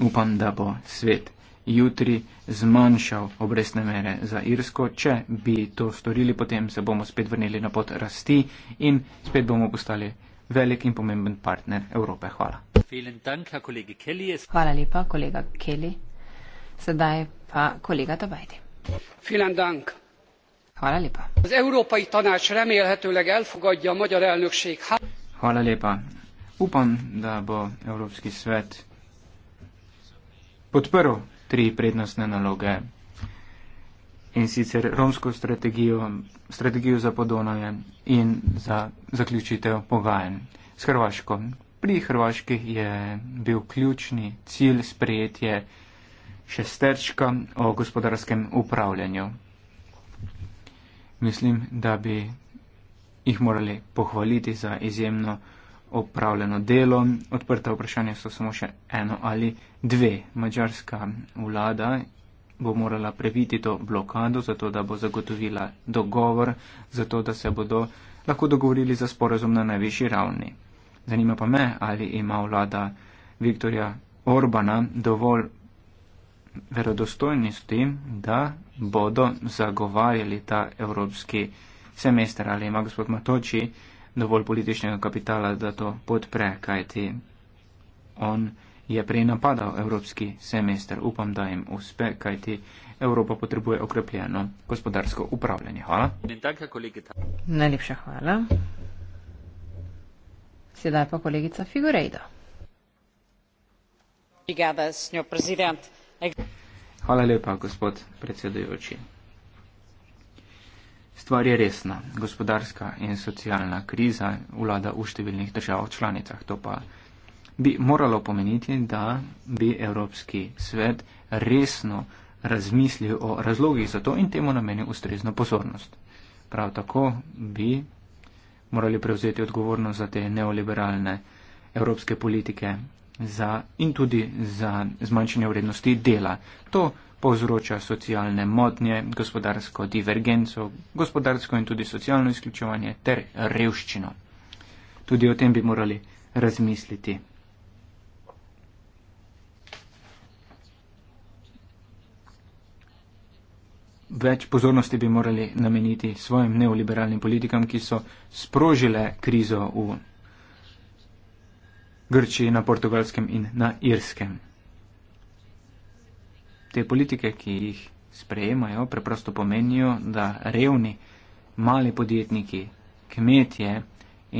Speaker 4: Upam, da bo svet jutri zmanjšal obrestne mere za Irsko. Če bi to storili, potem se bomo spet vrnili na pot rasti in spet bomo postali velik in pomemben partner Evrope. Hvala.
Speaker 2: Hvala lepa, kolega Kelly. Sedaj pa kolega Tabajdi. Filan Dank az európai tanács remélhetőleg elfogadja a magyar elnökség
Speaker 4: upam da bo evropski svet podprl tri prednostne naloge in sicer romsko strategijo strategijo za podonavje in za zaključitev pogajanj s hrvaško pri hrvaški je bil ključni cilj sprejetje šesterčka o gospodarskem upravljanju mislim, da bi jih morali pohvaliti za izjemno opravljeno delo. Odprta vprašanja so samo še eno ali dve. Mačarska vlada bo morala previti to blokado, zato da bo zagotovila dogovor, zato da se bodo lahko dogovorili za sporozum na najvišji ravni. Zanima pa me, ali ima vlada Viktorja Orbana dovolj verodostojni s tem, da bodo zagovarjali ta evropski semester ali ima gospod Matoči dovolj političnega kapitala, da to podpre, kajti on je prej napadal evropski semester. Upam, da jim uspe, kajti Evropa potrebuje okrepljeno gospodarsko upravljanje. Hvala.
Speaker 2: Najlepša hvala. Sedaj pa kolegica Figurejda. Obrigada, senjor prezident.
Speaker 4: Hvala lepa, gospod predsedujoči. Stvar je resna. Gospodarska in socialna kriza vlada v številnih držav članicah. To pa bi moralo pomeniti, da bi Evropski svet resno razmislil o razlogih za to in temu namenil ustrezno pozornost. Prav tako bi morali prevzeti odgovornost za te neoliberalne evropske politike za, in tudi za zmanjšanje vrednosti dela. To povzroča socialne motnje, gospodarsko divergenco, gospodarsko in tudi socialno izključevanje ter revščino. Tudi o tem bi morali razmisliti. Več pozornosti bi morali nameniti svojim neoliberalnim politikam, ki so sprožile krizo v Grčiji, na portugalskem in na irskem. Te politike, ki jih sprejemajo, preprosto pomenijo, da revni, mali podjetniki, kmetje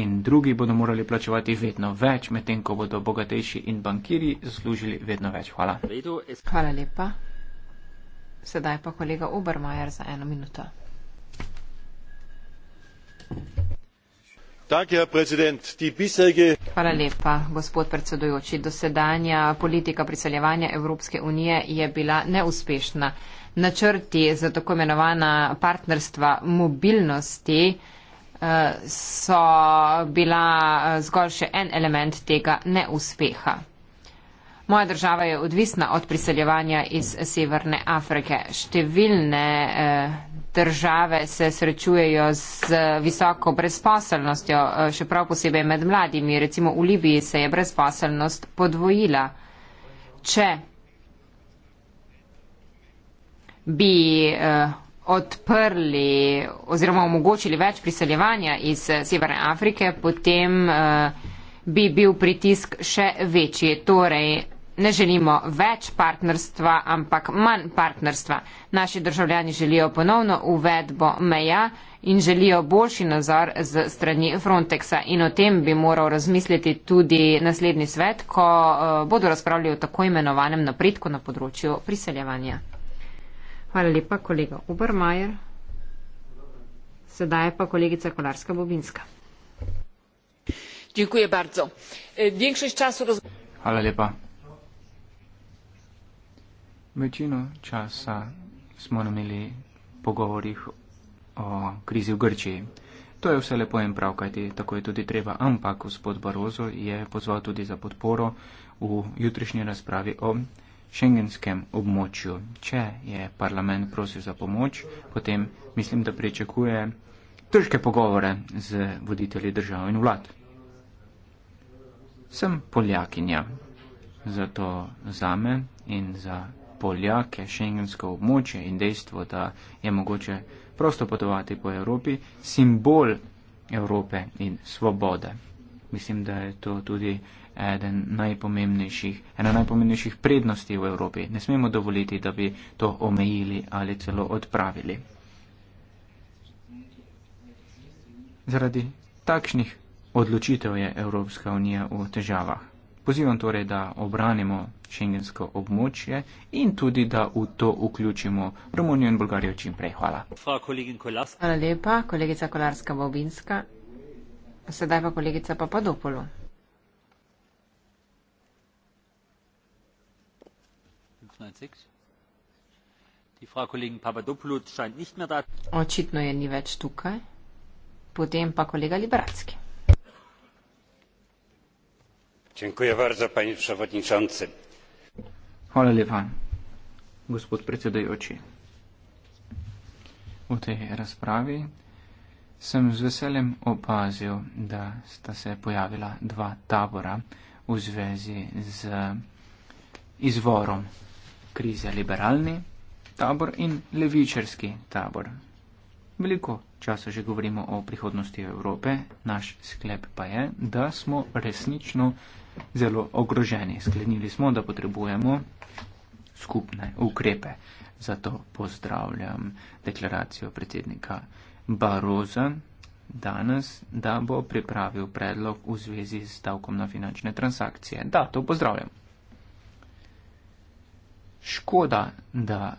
Speaker 4: in drugi bodo morali plačevati vedno več, medtem ko bodo bogatejši in bankiri zaslužili vedno več. Hvala.
Speaker 2: Hvala lepa. Sedaj pa kolega Obermajer za eno minuto.
Speaker 1: Thank you. Herr Präsident, die bisherige Hvala
Speaker 2: lepa, gospod predsedujoči. Dosedanja politika priseljevanja Evropske unije je bila neuspešna. Načrti za tako imenovana partnerstva mobilnosti eh, so bila eh, zgolj še en element tega neuspeha. Moja država je odvisna od priseljevanja iz Severne Afrike. Številne eh, države se srečujejo z visoko brezposelnostjo, eh, še prav posebej med mladimi. Recimo v Libiji se je brezposelnost podvojila. Če bi eh, odprli oziroma omogočili več priseljevanja iz eh, Severne Afrike, potem bi bil pritisk še večji. Torej, ne želimo več partnerstva, ampak manj partnerstva. Naši državljani želijo ponovno uvedbo meja in želijo boljši nazor z strani Frontexa. In o tem bi moral razmisliti tudi naslednji svet, ko eh, bodo razpravljali o tako imenovanem napredku na področju priseljevanja. Hvala lepa, kolega Ubermajer. Sedaj pa kolegica Kolarska Bobinska. E,
Speaker 4: Hvala lepa. Večino časa smo namenili pogovorih o krizi v Grčiji. To je vse lepo in prav, kajti tako je tudi treba, ampak gospod Barozo je pozval tudi za podporo v jutrišnji razpravi o šengenskem območju. Če je parlament prosil za pomoč, potem mislim, da pričakuje težke pogovore z voditelji držav in vlad. Sem poljakinja, zato zame in za. Poljake, šengensko območje in dejstvo, da je mogoče prosto potovati po Evropi, simbol Evrope in svobode. Mislim, da je to tudi eden najpomembnejših, ena najpomembnejših prednosti v Evropi. Ne smemo dovoliti, da bi to omejili ali celo odpravili. Zaradi takšnih odločitev je Evropska unija v težavah. Pozivam torej, da obranimo šengensko območje in tudi, da v to vključimo Romunijo in Bolgarijo čim prej. Hvala.
Speaker 2: Hvala lepa, kolegica Kolarska Bobinska. Sedaj pa kolegica Papadopolo. Očitno je ni več tukaj. Potem pa kolega Liberacki
Speaker 1: gospod predsedujoči vsem prisotnim
Speaker 4: hvala lepa gospod predsedujoči v tej razpravi sem z veseljem opazil da sta se pojavila dva tabora v zvezi z izvorom krize liberalni tabor in levičarski tabor veliko časa že govorimo o prihodnosti Evrope, naš sklep pa je, da smo resnično zelo ogroženi. Sklenili smo, da potrebujemo skupne ukrepe. Zato pozdravljam deklaracijo predsednika Baroza danes, da bo pripravil predlog v zvezi s davkom na finančne transakcije. Da, to pozdravljam. Škoda, da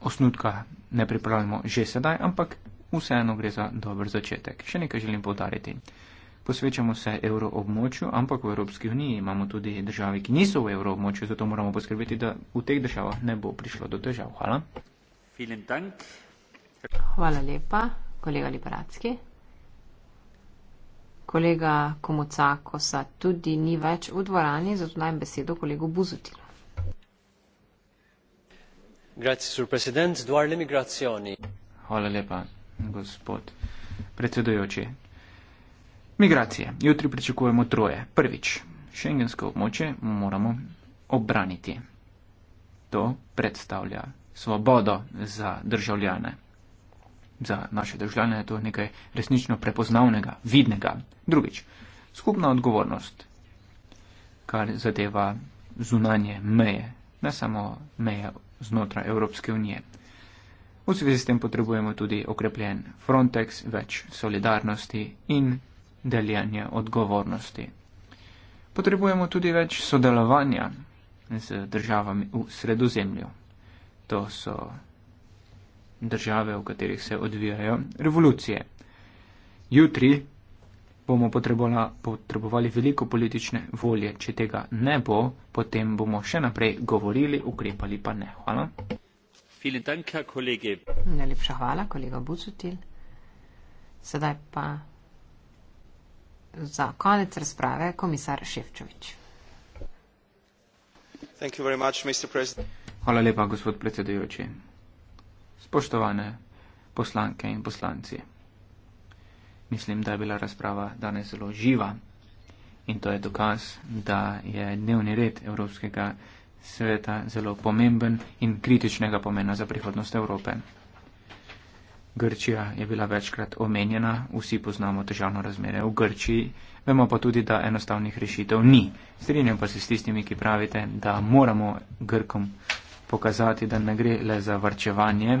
Speaker 4: osnutka ne pripravljamo že sedaj, ampak vseeno gre za dober začetek. Še nekaj želim povdariti posvečamo se evroobmočju, ampak v Evropski uniji imamo tudi države, ki niso v evroobmočju, zato moramo poskrbeti, da v teh državah ne bo prišlo do težav. Hvala.
Speaker 2: Hvala lepa, kolega Liberacki. Kolega Komocakosa tudi ni več v dvorani, zato dajem besedo kolegu Buzutilu.
Speaker 4: Hvala lepa, gospod predsedujoči. Migracije. Jutri pričakujemo troje. Prvič, šengensko območje moramo obraniti. To predstavlja svobodo za državljane. Za naše državljane je to nekaj resnično prepoznavnega, vidnega. Drugič, skupna odgovornost, kar zadeva zunanje meje, ne samo meje znotraj Evropske unije. V zvezi s tem potrebujemo tudi okrepljen Frontex, več solidarnosti in deljenje odgovornosti. Potrebujemo tudi več sodelovanja z državami v sredozemlju. To so države, v katerih se odvijajo revolucije. Jutri bomo potrebovali veliko politične volje. Če tega ne bo, potem bomo še naprej govorili, ukrepali pa ne. Hvala. Danke,
Speaker 2: Najlepša hvala, kolega Bucutil. Sedaj pa Za konec razprave komisar Ševčovič.
Speaker 3: Much,
Speaker 4: Hvala lepa, gospod predsedujoči. Spoštovane poslanke in poslanci. Mislim, da je bila razprava danes zelo živa in to je dokaz, da je dnevni red Evropskega sveta zelo pomemben in kritičnega pomena za prihodnost Evrope. Grčija je bila večkrat omenjena, vsi poznamo težavno razmere v Grčiji, vemo pa tudi, da enostavnih rešitev ni. Strinjam pa se s tistimi, ki pravite, da moramo Grkom pokazati, da ne gre le za varčevanje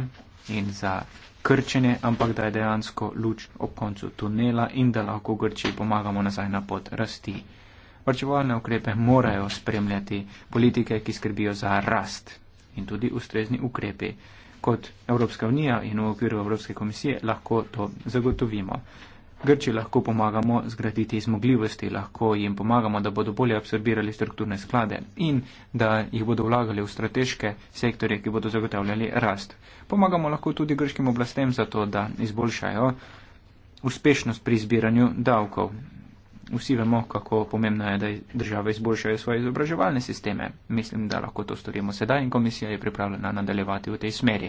Speaker 4: in za krčenje, ampak da je dejansko luč ob koncu tunela in da lahko Grčiji pomagamo nazaj na pot rasti. Varčevalne ukrepe morajo spremljati politike, ki skrbijo za rast in tudi ustrezni ukrepi kot Evropska unija in v okviru Evropske komisije lahko to zagotovimo. Grči lahko pomagamo zgraditi zmogljivosti, lahko jim pomagamo, da bodo bolje absorbirali strukturne sklade in da jih bodo vlagali v strateške sektorje, ki bodo zagotavljali rast. Pomagamo lahko tudi grškim oblastem za to, da izboljšajo uspešnost pri zbiranju davkov. Vsi vemo, kako pomembno je, da države izboljšajo svoje izobraževalne sisteme. Mislim, da lahko to storimo sedaj in komisija je pripravljena nadaljevati v tej smeri.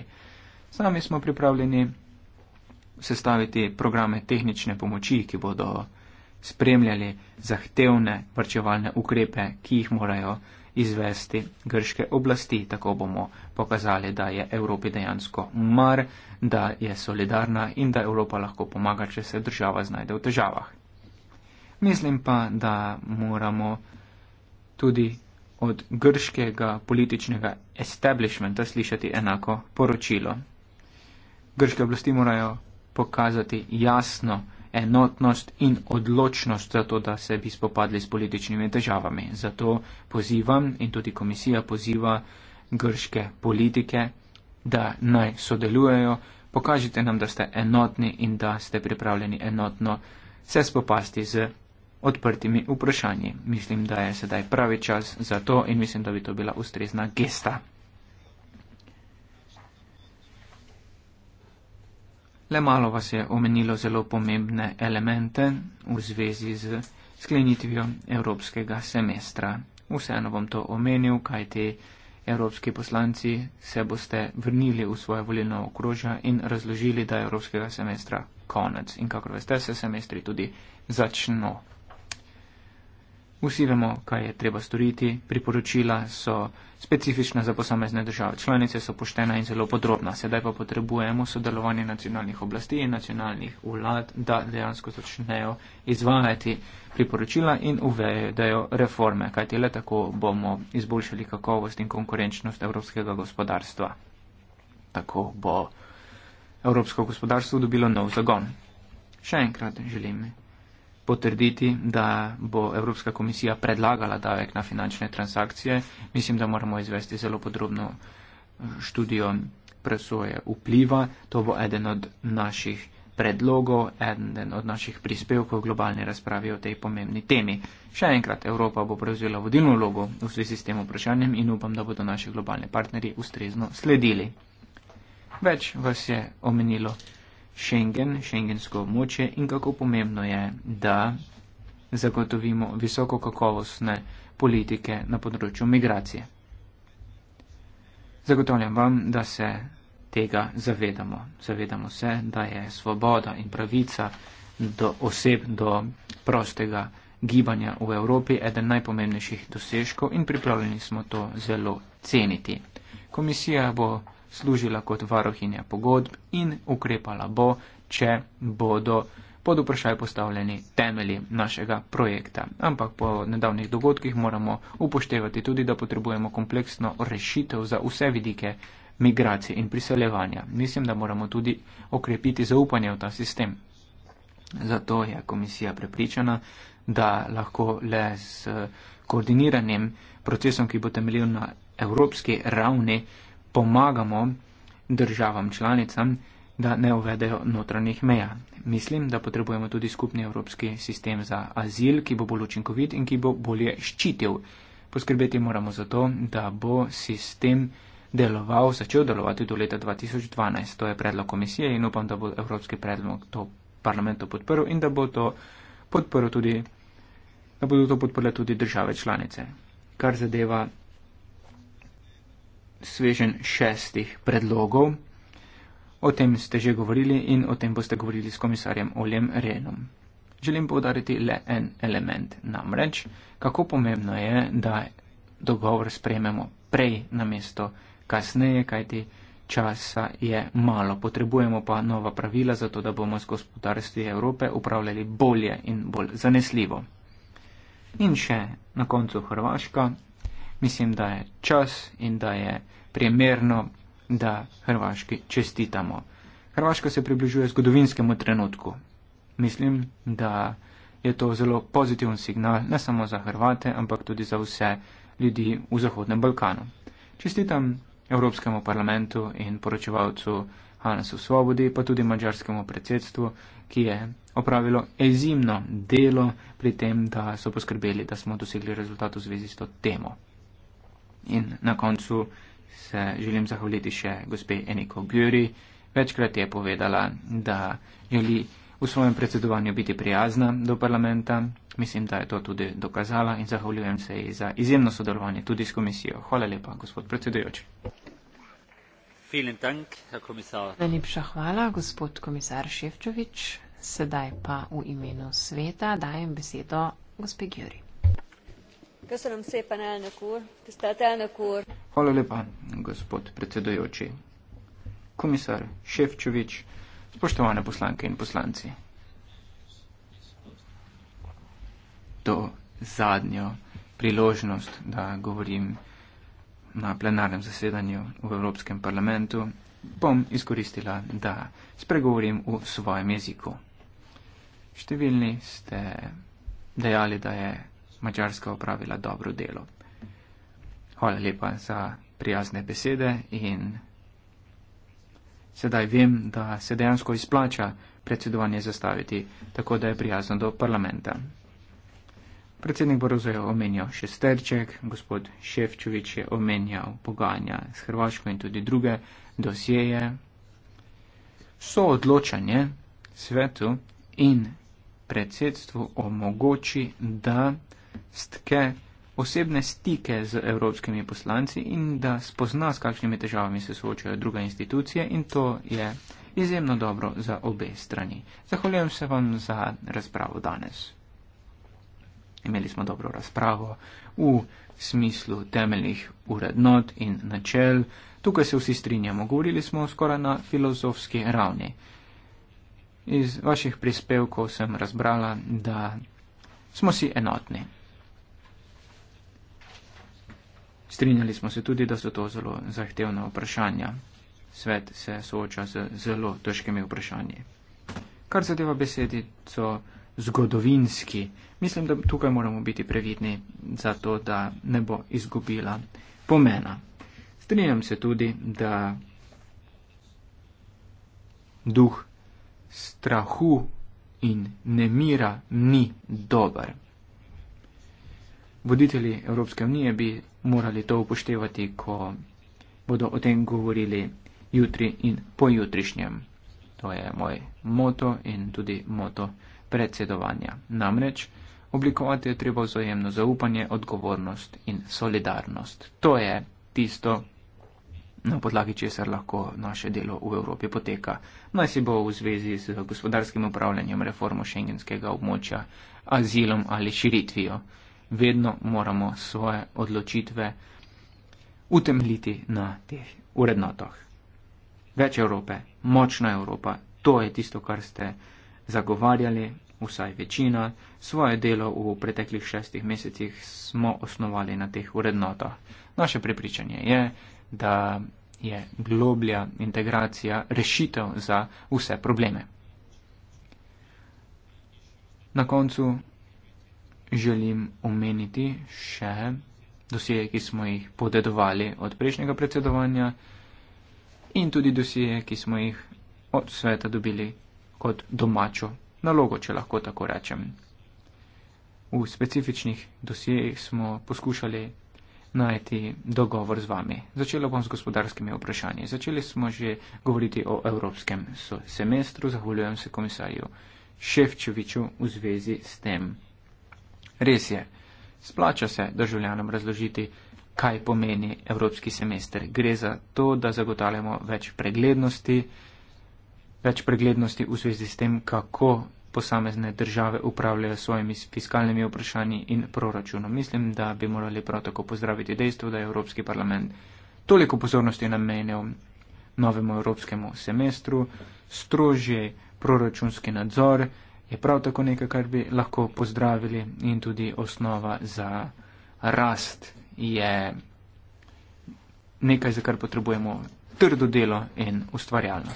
Speaker 4: Sami smo pripravljeni sestaviti programe tehnične pomoči, ki bodo spremljali zahtevne vrčevalne ukrepe, ki jih morajo izvesti grške oblasti. Tako bomo pokazali, da je Evropi dejansko mar, da je solidarna in da Evropa lahko pomaga, če se država znajde v težavah. Mislim pa, da moramo tudi od grškega političnega establishmenta slišati enako poročilo. Grške oblasti morajo pokazati jasno enotnost in odločnost za to, da se bi spopadli s političnimi težavami. Zato pozivam in tudi komisija poziva grške politike, da naj sodelujejo, pokažite nam, da ste enotni in da ste pripravljeni enotno se spopasti z odprtimi vprašanji. Mislim, da je sedaj pravi čas za to in mislim, da bi to bila ustrezna gesta. Le malo vas je omenilo zelo pomembne elemente v zvezi z sklenitvijo evropskega semestra. Vseeno bom to omenil, kaj ti evropski poslanci se boste vrnili v svoje volilno okrožje in razložili, da je evropskega semestra konec in kako veste, se semestri tudi začno. Vsi vemo, kaj je treba storiti, priporočila so specifična za posamezne države. Članice so poštena in zelo podrobna. Sedaj pa potrebujemo sodelovanje nacionalnih oblasti in nacionalnih vlad, da dejansko začnejo izvajati priporočila in uvedejo reforme, kajti le tako bomo izboljšali kakovost in konkurenčnost evropskega gospodarstva. Tako bo evropsko gospodarstvo dobilo nov zagon. Še enkrat želim potrditi, da bo Evropska komisija predlagala davek na finančne transakcije. Mislim, da moramo izvesti zelo podrobno eh, študijo presoje vpliva. To bo eden od naših predlogov, eden od naših prispevkov globalne razprave o tej pomembni temi. Še enkrat, Evropa bo prevzela vodilno vlogo v zvezi s tem vprašanjem in upam, da bodo naši globalni partnerji ustrezno sledili. Več vas je omenilo Schengen, šengensko območje in kako pomembno je, da zagotovimo visoko kakovostne politike na področju migracije. Zagotovljam vam, da se tega zavedamo. Zavedamo se, da je svoboda in pravica do oseb do prostega gibanja v Evropi eden najpomembnejših dosežkov in pripravljeni smo to zelo ceniti. Komisija bo služila kot varohinja pogodb in ukrepala bo, če bodo pod vprašaj postavljeni temeli našega projekta. Ampak po nedavnih dogodkih moramo upoštevati tudi, da potrebujemo kompleksno rešitev za vse vidike migracije in priseljevanja. Mislim, da moramo tudi okrepiti zaupanje v ta sistem. Zato je komisija prepričana, da lahko le s koordiniranim procesom, ki bo temeljil na evropski ravni, pomagamo državam članicam, da ne uvedejo notranjih meja. Mislim, da potrebujemo tudi skupni evropski sistem za azil, ki bo bolj učinkovit in ki bo bolje ščitil. Poskrbeti moramo za to, da bo sistem deloval, začel delovati do leta 2012. To je predlog komisije in upam, da bo evropski predlog to parlamentu podprl in da, bo to podprl tudi, da bodo to podprle tudi države članice. Kar zadeva svežen šestih predlogov. O tem ste že govorili in o tem boste govorili s komisarjem Oljem Renom. Želim povdariti le en element, namreč kako pomembno je, da dogovor sprejmemo prej na mesto kasneje, kajti časa je malo. Potrebujemo pa nova pravila, zato da bomo s gospodarstvi Evrope upravljali bolje in bolj zanesljivo. In še na koncu Hrvaška, mislim, da je čas in da je primerno, da Hrvaški čestitamo. Hrvaška se približuje zgodovinskemu trenutku. Mislim, da je to zelo pozitiven signal ne samo za Hrvate, ampak tudi za vse ljudi v Zahodnem Balkanu. Čestitam Evropskemu parlamentu in poročevalcu Hanesu Svobodi, pa tudi mađarskemu predsedstvu, ki je opravilo izjemno delo pri tem, da so poskrbeli, da smo dosegli rezultat v zvezi s to temo. In na koncu se želim zahvaliti še gospe Eniko Gjuri. Večkrat je povedala, da želi v svojem predsedovanju biti prijazna do parlamenta. Mislim, da je to tudi dokazala in zahvaljujem se ji za izjemno sodelovanje tudi s komisijo. Hvala lepa, gospod predsedujoči.
Speaker 2: Najlepša hvala, gospod komisar Ševčovič. Sedaj pa v imenu sveta dajem besedo gospe Gjuri.
Speaker 1: Köszönöm szépen, elnök úr! Tisztelt elnök úr!
Speaker 4: Hvala lepa, gospod predsedujoči. Komisar Ševčevič, spoštovane poslanke in poslanci. To zadnjo priložnost, da govorim na plenarnem zasedanju v Evropskem parlamentu, bom izkoristila, da spregovorim v svojem jeziku. Številni ste dejali, da je Mačarska opravila dobro delo. Hvala lepa za prijazne besede in sedaj vem, da se dejansko izplača predsedovanje zastaviti, tako da je prijazno do parlamenta. Predsednik Borozo je omenjal šesterček, gospod Ševčovič je omenjal pogajanja s Hrvaško in tudi druge dosjeje. So odločanje svetu in predsedstvu omogoči, da stke, osebne stike z evropskimi poslanci in da spozna, s kakšnimi težavami se soočajo druga institucije in to je izjemno dobro za obe strani. Zahvaljujem se vam za razpravo danes. Imeli smo dobro razpravo v smislu temeljnih urednot in načel. Tukaj se vsi strinjamo, govorili smo skoraj na filozofski ravni. Iz vaših prispevkov sem razbrala, da smo si enotni. Strinjali smo se tudi, da so to zelo zahtevna vprašanja. Svet se sooča z zelo težkimi vprašanji. Kar zadeva besedi, so zgodovinski. Mislim, da tukaj moramo biti previdni za to, da ne bo izgubila pomena. Strinjam se tudi, da duh strahu in nemira ni dober. Voditelji Evropske unije bi morali to upoštevati, ko bodo o tem govorili jutri in pojutrišnjem. To je moj moto in tudi moto predsedovanja. Namreč oblikovati je treba vzajemno zaupanje, odgovornost in solidarnost. To je tisto, na podlagi česar lahko naše delo v Evropi poteka. Naj si bo v zvezi z gospodarskim upravljanjem reformo šengenskega območja, azilom ali širitvijo vedno moramo svoje odločitve utemljiti na teh urednotah. Več Evrope, močna Evropa, to je tisto, kar ste zagovarjali, vsaj večina. Svoje delo v preteklih šestih mesecih smo osnovali na teh urednotah. Naše prepričanje je, da je globlja integracija rešitev za vse probleme. Na koncu želim omeniti še dosije, ki smo jih podedovali od prejšnjega predsedovanja in tudi dosije, ki smo jih od sveta dobili kot domačo nalogo, če lahko tako rečem. V specifičnih dosijejih smo poskušali najti dogovor z vami. Začela bom s gospodarskimi vprašanji. Začeli smo že govoriti o evropskem semestru. Zahvaljujem se komisarju Ševčeviču v zvezi s tem. Res je, splača se državljanom razložiti, kaj pomeni evropski semester. Gre za to, da zagotavljamo več preglednosti, več preglednosti v zvezi s tem, kako posamezne države upravljajo svojimi fiskalnimi vprašanji in proračunom. Mislim, da bi morali prav tako pozdraviti dejstvo, da je Evropski parlament toliko pozornosti namenil novemu evropskemu semestru, strožji proračunski nadzor je prav tako nekaj, kar bi lahko pozdravili in tudi osnova za rast je nekaj, za kar potrebujemo trdo delo in ustvarjalno.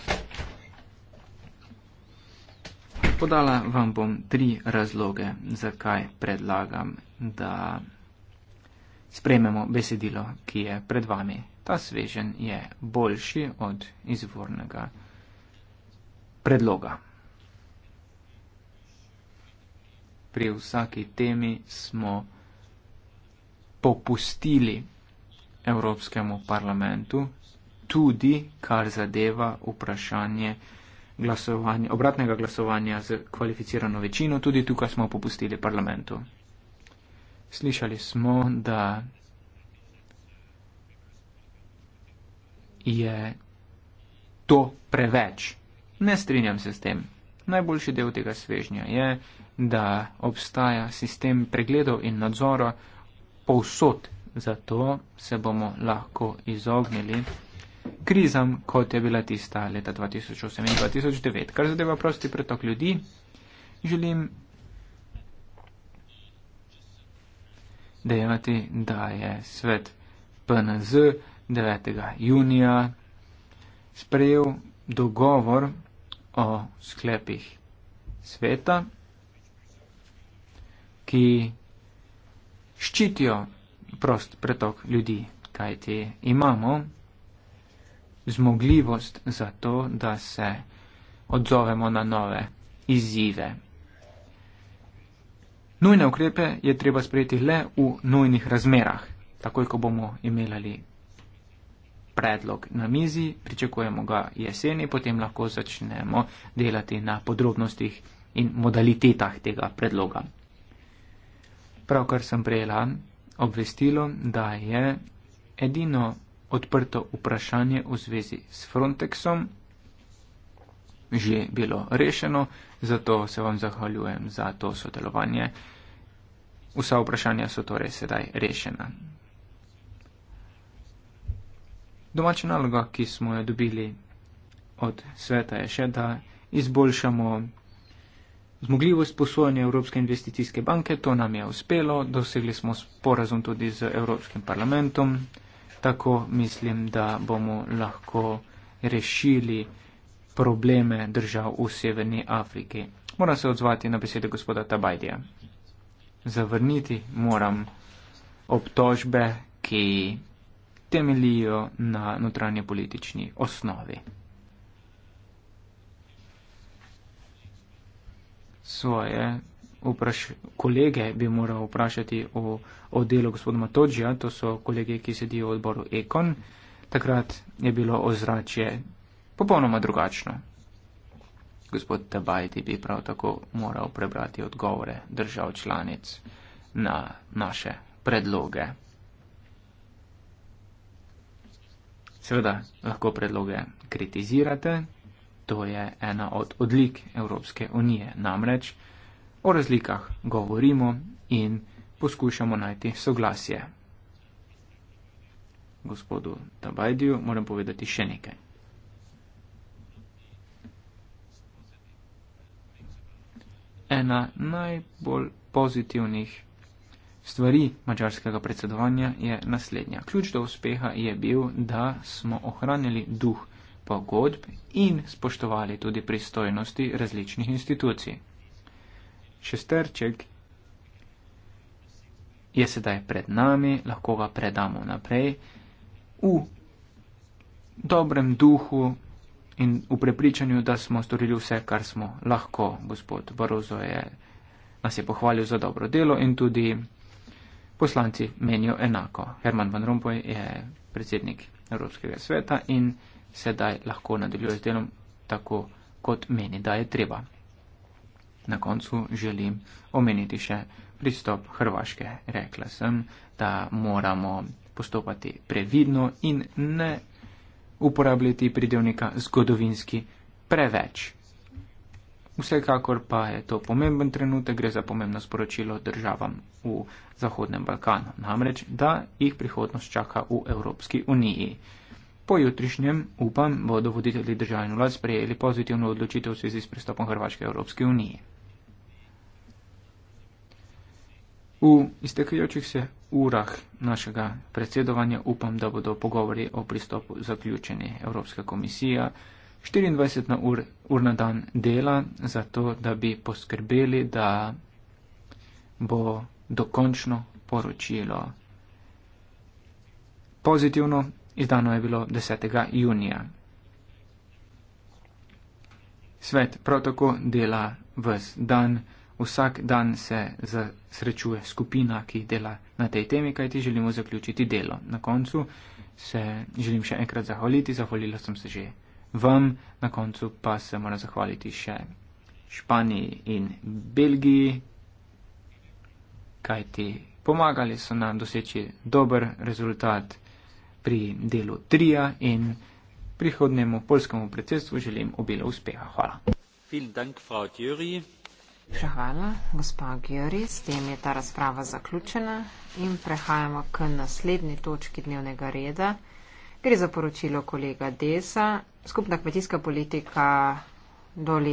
Speaker 4: Podala vam bom tri razloge, zakaj predlagam, da sprememo besedilo, ki je pred vami. Ta svežen je boljši od izvornega predloga. pri vsaki temi smo popustili Evropskemu parlamentu, tudi kar zadeva vprašanje glasovanja, obratnega glasovanja z kvalificirano večino, tudi tukaj smo popustili parlamentu. Slišali smo, da je to preveč. Ne strinjam se s tem. Najboljši del tega svežnja je, da obstaja sistem pregledov in nadzora povsod. Zato se bomo lahko izognili krizam, kot je bila tista leta 2008 in 2009. Kar zadeva prosti pretok ljudi, želim dejati, da je svet PNZ 9. junija sprejel dogovor o sklepih sveta, ki ščitijo prost pretok ljudi, kajti imamo zmogljivost za to, da se odzovemo na nove izzive. Nujne ukrepe je treba sprejeti le v nujnih razmerah, takoj ko bomo imeli predlog na mizi, pričakujemo ga jeseni, potem lahko začnemo delati na podrobnostih in modalitetah tega predloga. Pravkar sem prejela obvestilo, da je edino odprto vprašanje v zvezi s Frontexom že bilo rešeno, zato se vam zahvaljujem za to sodelovanje. Vsa vprašanja so torej sedaj rešena. Domača naloga, ki smo jo dobili od sveta, je še, da izboljšamo zmogljivost posojanja Evropske investicijske banke. To nam je uspelo, dosegli smo sporazum tudi z Evropskim parlamentom. Tako mislim, da bomo lahko rešili probleme držav v Severni Afriki. Moram se odzvati na besede gospoda Tabajdija. Zavrniti moram obtožbe, ki temelijo na notranje politični osnovi. Svoje vpraš kolege bi moral vprašati o, o delu gospoda Matodžija, to so kolege, ki sedijo v odboru Ekon. Takrat je bilo ozračje popolnoma drugačno. Gospod Tabajti bi prav tako moral prebrati odgovore držav članic na naše predloge. Seveda lahko predloge kritizirate, to je ena od odlik Evropske unije. Namreč o razlikah govorimo in poskušamo najti soglasje. Gospodu Tabajdiju moram povedati še nekaj. Ena najbolj pozitivnih stvari mačarskega predsedovanja je naslednja. Ključ do uspeha je bil, da smo ohranili duh pogodb in spoštovali tudi pristojnosti različnih institucij. Šesterček je sedaj pred nami, lahko ga predamo naprej v dobrem duhu in v prepričanju, da smo storili vse, kar smo lahko. Gospod Barozo je nas je pohvalil za dobro delo in tudi poslanci menijo enako. Herman Van Rompuy je predsednik Evropskega sveta in sedaj lahko nadaljuje z delom tako, kot meni, da je treba. Na koncu želim omeniti še pristop Hrvaške. Rekla sem, da moramo postopati previdno in ne uporabljati pridevnika zgodovinski preveč. Vsekakor pa je to pomemben trenutek, gre za pomembno sporočilo državam v Zahodnem Balkanu, namreč, da jih prihodnost čaka v Evropski uniji. Po jutrišnjem, upam, bodo voditelji držav in vlad sprejeli pozitivno odločitev v zvezi s pristopom Hrvaške Evropske unije. V iztekajočih se urah našega predsedovanja upam, da bodo pogovori o pristopu zaključeni Evropska komisija. 24 na ur, ur na dan dela, zato da bi poskrbeli, da bo dokončno poročilo pozitivno, izdano je bilo 10. junija. Svet prav tako dela vs dan, vsak dan se srečuje skupina, ki dela na tej temi, kaj ti želimo zaključiti delo. Na koncu se želim še enkrat zahvaliti, zahvalila sem se že vam, na koncu pa se moram zahvaliti še Španiji in Belgiji, kajti pomagali so nam doseči dober rezultat pri delu trija in prihodnemu polskemu predsedstvu želim obilo uspeha. Hvala.
Speaker 2: Hvala, gospa Gjori. S tem je ta razprava zaključena in prehajamo k naslednji točki dnevnega reda. Gre za poročilo kolega Desa, skupna kmetijska politika do leta.